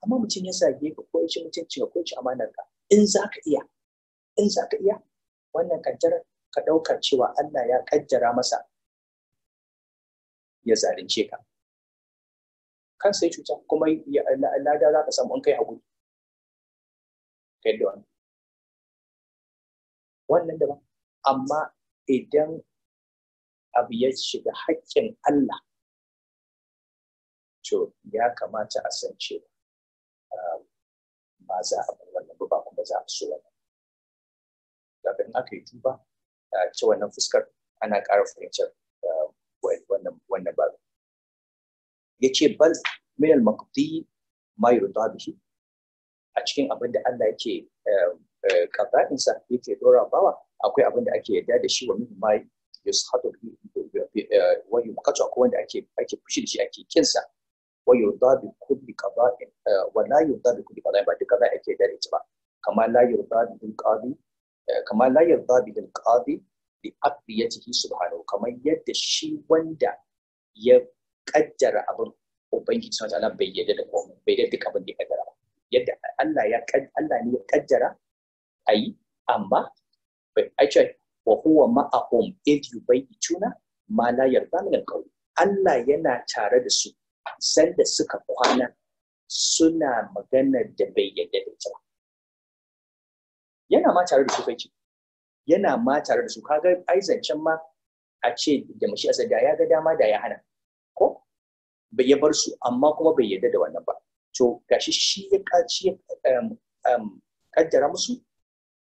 amma mutum ya sage ka ko ya ci mutunci ka ko ya ci amanar ka in za ka iya in za ka iya wannan kaddarar ka ɗauka cewa Allah ya ƙaddara masa ya zalunce ka kan sai cuta kuma lada za ka samu an kai hagu ka yadda wani wannan daban amma idan abu ya shiga haƙƙin Allah to ya kamata a san cewa ah, ba za a bar wannan ba kuma za a so wannan Da aka yi tuba ci wannan fuskar ana ƙara fahimtar wannan babu ya ce bal min al maqdi ma yurda bihi a cikin abin da Allah yake kafaɗin yake dora bawa akwai abin da ake yarda da shi wa min ma yushatu wa yumqatu akwai wanda ake ake fushi da shi ake kinsa wa yurda bi kulli ƙaba'in wa la yurda bi kulli ba duka za ake yarda da ita ba Kamar la yurda bi qadi kama la yarda bi alqadi bi aqdiyatihi subhanahu kamar yadda shi wanda ya kaddara abin ubangiji subhanahu ta'ala bai yadda da komai bai yadda abin da ya kaddara ba yadda Allah ya Allah ne ya kaddara ayi amma bai aice wa huwa ma'ahum id yubayituna ma la yarda min alqawl Allah yana tare da su sanda suka kwana suna maganar da bai yadda da ita yana ma tare da su kai yana ma tare da su kaga ai zancen ma a ce da mashi asa da ya ga dama da ya hana ko bai bar su amma kuma bai yarda da wannan ba to gashi shi ya kaci um, um, kaddara musu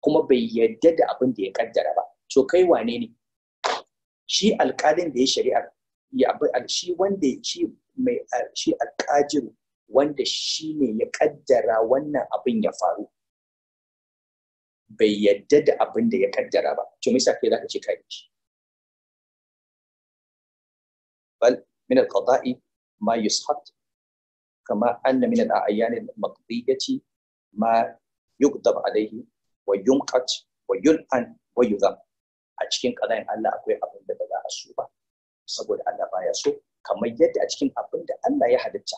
kuma bai yarda da abin da ya kaddara ba to kai wane ne shi alkalin da ya shari'ar ya shi wanda ci mai shi alkajiru wanda shi ne ya kaddara wannan abin ya faru bai yadda da abin da ya kaddara ba to me yasa kai zaka ce kai shi bal min al-qada'i ma yushat kama anna min al-a'yan al-maqdiyati ma yughdab alayhi wa yunqat wa yul'an wa yuzam a cikin qada'in Allah akwai abin da ba za a so ba saboda Allah baya so kamar yadda a cikin abin da Allah ya halitta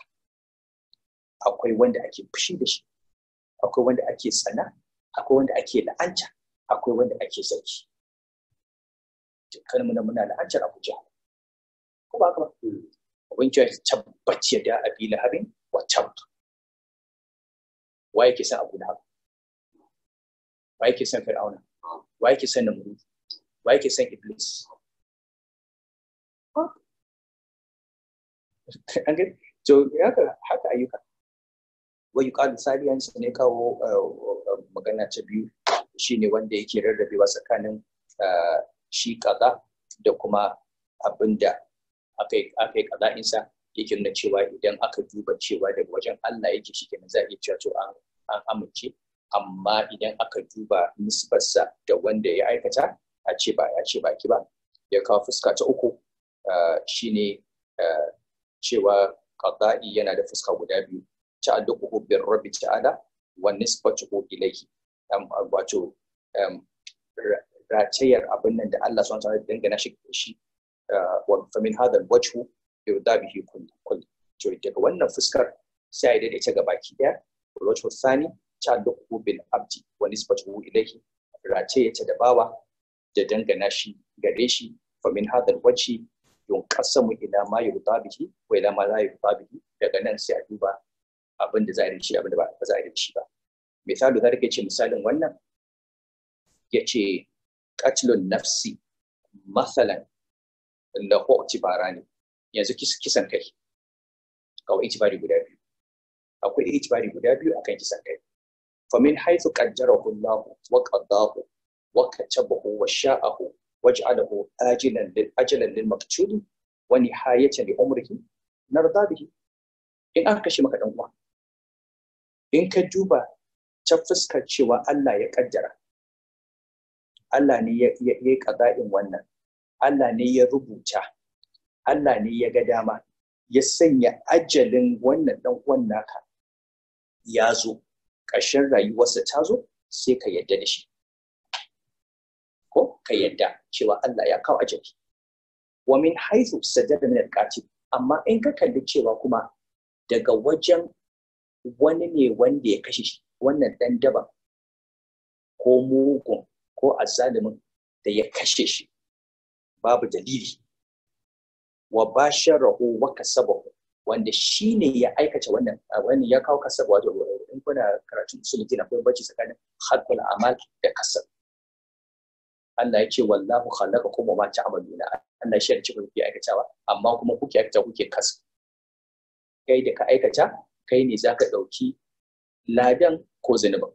akwai wanda ake fushi da shi akwai wanda ake tsana akwai wanda ake la'anta akwai wanda ake sarki dukkan muna muna la'antar abu jihar ko ba ka ba hmm. abin cewa tabbaci da abi lahabin wa tab wa yake san abu haka? wa yake san fir'auna wa yake san namuru wa yake san iblis an gani to haka ayyuka wa yuqalu thaniyan ne kawo eh, magana ta biyu shine wanda yake rarrabewa tsakanin eh, shi kaza da kuma abinda akai akai kaza insa yake nuna cewa idan aka duba cewa daga wajen Allah yake shi kenan za a iya cewa to an amince amma idan aka duba nisbarsa da wanda ya aikata a ce ba ya ce baki ba ya kawo fuska ta uku eh, shine cewa kaza'i yana da fuska guda biyu ta'alluquhu bir rabbi ta'ala wa nisbatuhu ilayhi um, wato um, ratayar abin nan da Allah subhanahu wa ta'ala dangana shi shi wa fa min hadha wajhu yurda bihi kulli kulli to daga wannan fuskar sai ya daidaita ga baki daya wajhu thani ta'alluquhu bil abdi wa nisbatuhu ilayhi ratayar ta da bawa da dangana shi gare shi fa min hadha wajhi yunqasamu ila ma yurda bihi wa ila ma la yurda bihi daga nan sai a duba abin da za a yi shi abin da ba za a yi shi ba misali za ka ce misalin wannan ya ce katlun nafsi masalan da ko itibara ne yanzu kisan kai kawai itibari guda biyu akwai itibari guda biyu akan kisan kai famin haifu qaddarahu Allah wa qaddahu wa katabahu wa sha'ahu waj'alahu ajilan lil ajalan lil maqtuli wa nihayatan li umrihi narda bihi in aka kashe maka dan uwa in ka duba ta fuskar cewa Allah ya kaddara Allah ne ya yi ƙaza'in wannan Allah ne ya rubuta Allah ne ya ga dama ya sanya ajalin wannan dan uwan naka ya zo ƙarshen rayuwarsa ta zo sai ka yadda da shi ko ka yadda cewa Allah ya kawo ajali wa min haythu sajada min al amma in ka kalli cewa kuma daga wajen wani ne wanda ya kashe shi wannan dan daban ko mugun ko azalimin da ya kashe shi babu dalili wa basharahu wa kasabahu wanda shi ne ya aikata wannan wani ya kawo kasabu wato in kuna karatun usuliti gina kuma bacci tsakanin harkar amal da kasab Allah ya ce wallahu khalaqakum wa ma ta'maluna Allah shi ya ce kuke aikatawa amma kuma kuke aikata kuke kasu kai da ka aikata kai ne za ka ɗauki ladan ko zinuba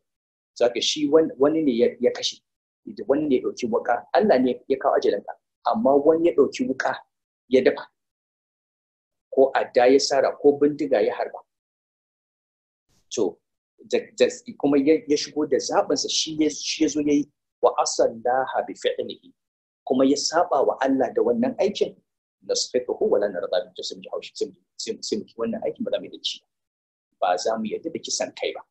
za ka shi wani ne ya kashe wani ne ya ɗauki wuka Allah ne ya kawo ka amma wani ya ɗauki wuka ya dafa ko adda ya sara ko bindiga ya harba to kuma ya shigo da zaɓinsa shi ya zo ya yi wa asallaha bi fi'lihi kuma ya saɓa wa Allah da wannan aikin nasfiqahu wala narda bi haushi sim sim wannan aikin ba za mu yi da ba za mu yarda da kisan kai ba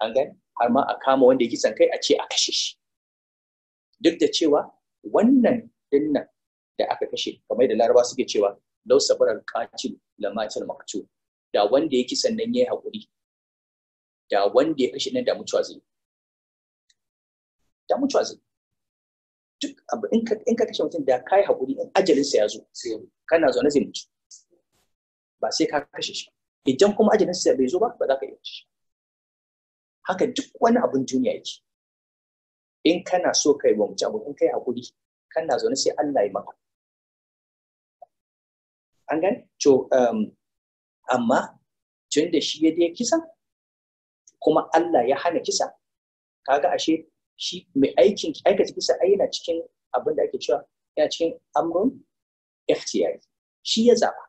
an gani har ma a kama wanda ya kisan kai a ce a kashe shi duk da cewa wannan dinnan da aka kashe kamar da laraba suke cewa lau sabarar katil lamatar maktu da wanda ya kisan nan ya yi haƙuri da wanda ya kashe nan da mutuwa zai da mutuwa zai duk abu in ka kashe mutum da kai haƙuri in ajalinsa ya zo kana zaune zai mutu ba sai ka kashe shi idan kuma ajin sa bai zo ba ba za ka iya ci haka duk wani abun duniya yake in kana so kai wa mutum abu in kai hakuri kana zaune sai Allah ya maka an gani? to um, amma tun da shi ya dai kisa kuma Allah ya hana kisa kaga ashe shi mai aikin aikata kisa ai yana cikin abin da ake cewa yana cikin amrun ikhtiyari shi ya zaba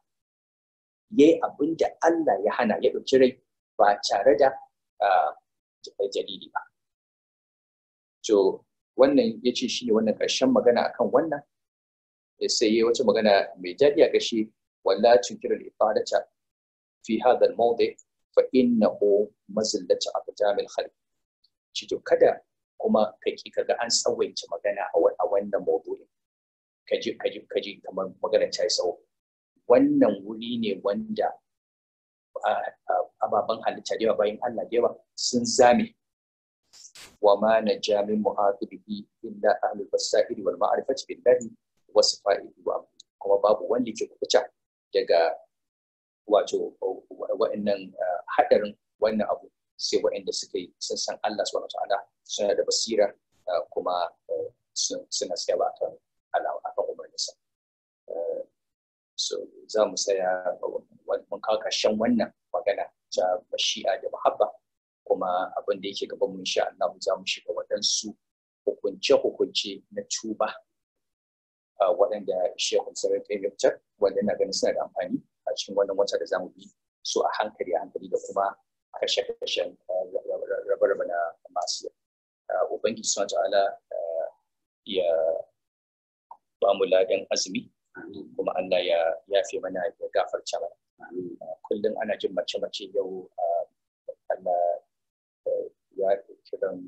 ya yi abin da Allah ya hana ya ɗauki rai ba tare da ah, dalili ba. To wannan ya ce shi ne wannan ƙarshen magana akan wannan sai ya wata magana mai daɗi a Wala kira da ifadata fi maude fa mawdi o innahu mazillatu aqdamil khalq ci to kada kuma ka ki kaga an tsawaita magana a wannan mawdu'in kaji kaji kaji kamar magana ta yi tsawo wannan wuri ne wanda ababen halitta da yawa bayan Allah da yawa sun zame wa ma na jamin muhafibihi illa ahlul basairi wal ma'rifati billahi wa sifaihi wa kuma babu wanda ke kukuta daga wato wa'annan hadarin wannan abu sai wa'anda suka yi sun san Allah subhanahu wa ta'ala suna da basira kuma suna tsayawa akan alawa so za mu saya mun kawo wannan magana ta bashi'a da mahabba kuma abin da yake gaban mun sha Allah za mu shiga waɗansu hukunce-hukunce na tuba waɗanda shekun sarar ƙayyabtar wanda na ganin suna da amfani a cikin wannan wata da zamu bi su a hankali hankali da kuma kashe-kashen rabarba na masu ubangiji suna ta'ala ya ba mu ladan azumi kuma Allah ya yafe mana ya gafarta mana kullum ana jin mace-mace yau Allah ya kiran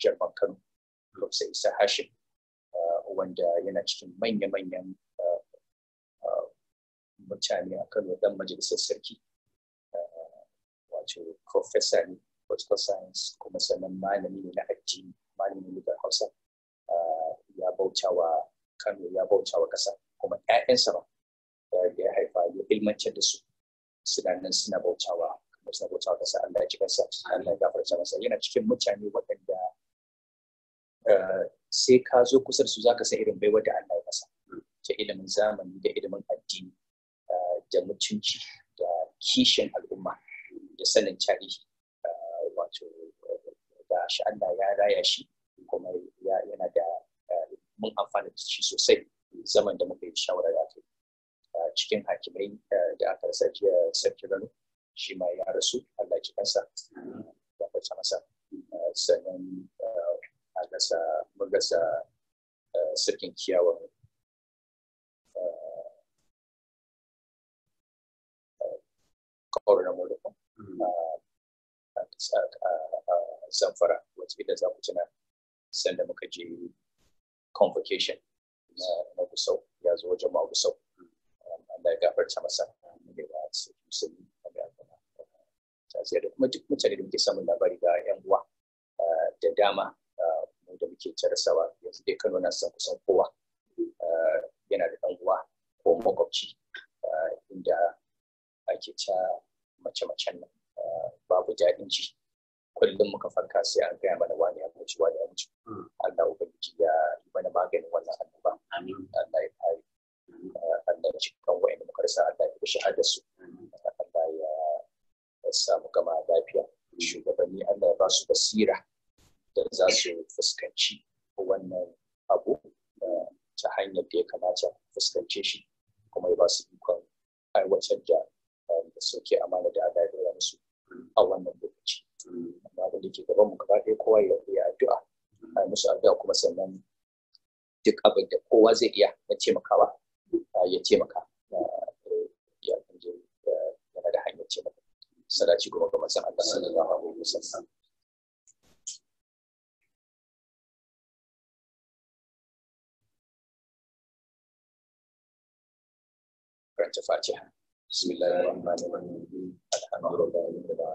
jarman Kano lokacin Isa Hashim wanda yana cikin manya-manyan mutane a Kano dan majalisar sarki wato professor ne political science kuma sannan malami ne na addini malami ne na Hausa ya bauta wa Kano ya bauta wa ƙasa. kuma ƴaƴansa ba da ya haifa ya ilmantar da su suna nan suna bautawa kuma suna bautawa kasa Allah ya ci kansa Allah ya gafarta masa yana cikin mutane waɗanda eh, sai ka zo kusa da su zaka san irin baiwar da Allah ya masa ta ilimin zamani da ilimin addini eh, da mutunci da kishin al'umma da sanin tarihi eh, wato da shi Allah ya raya shi kuma yana da mun amfana da shi sosai zaman da muka yi shawara da kai cikin hakimai eh, da aka rasa jiya sarki rano shi ma ya rasu Allah ki kansa ya fata masa eh, sannan eh, a gasa magasa sarkin kiyawan kawar na a zamfara wata da za ku tuna sanda muka je convocation na gusau ya zo wajen ma gusau um, da ya ta masa da ya su musulmi a ga taziya da kuma duk mutane da muke samun labari ga yan uwa uh, da dama uh, mu da muke carasawa yanzu dai Kano na san kusan kowa uh, yana da ɗan uwa ko makwabci inda ake ta mace-macen nan babu daɗin ji kullum muka farka sai an gaya mana wani ciwa da yanci hmm. Allah ubangiji ya yi mana maganin wannan annoba Allah ya kare Allah ya ci kan wa'anda muka rasa Allah ya shahada su Allah ya samu gama lafiya shugabanni Allah ya ba su basira da za su fuskanci wannan abu eh, ta hanyar da ya kamata fuskance shi kuma ya ba su ikon aiwatar da eh, da suke amana da Allah ya musu a wannan lokaci abin da ke gaban mu gaba ɗaya kowa ya yi addu'a a musu addu'a kuma sannan duk abin da kowa zai iya na taimakawa ya taimaka eh, ya kanje yana da hanyar taimaka sadaci kuma ga masan Allah sallallahu alaihi wasallam karanta fatiha بسم الله الرحمن الرحيم الحمد لله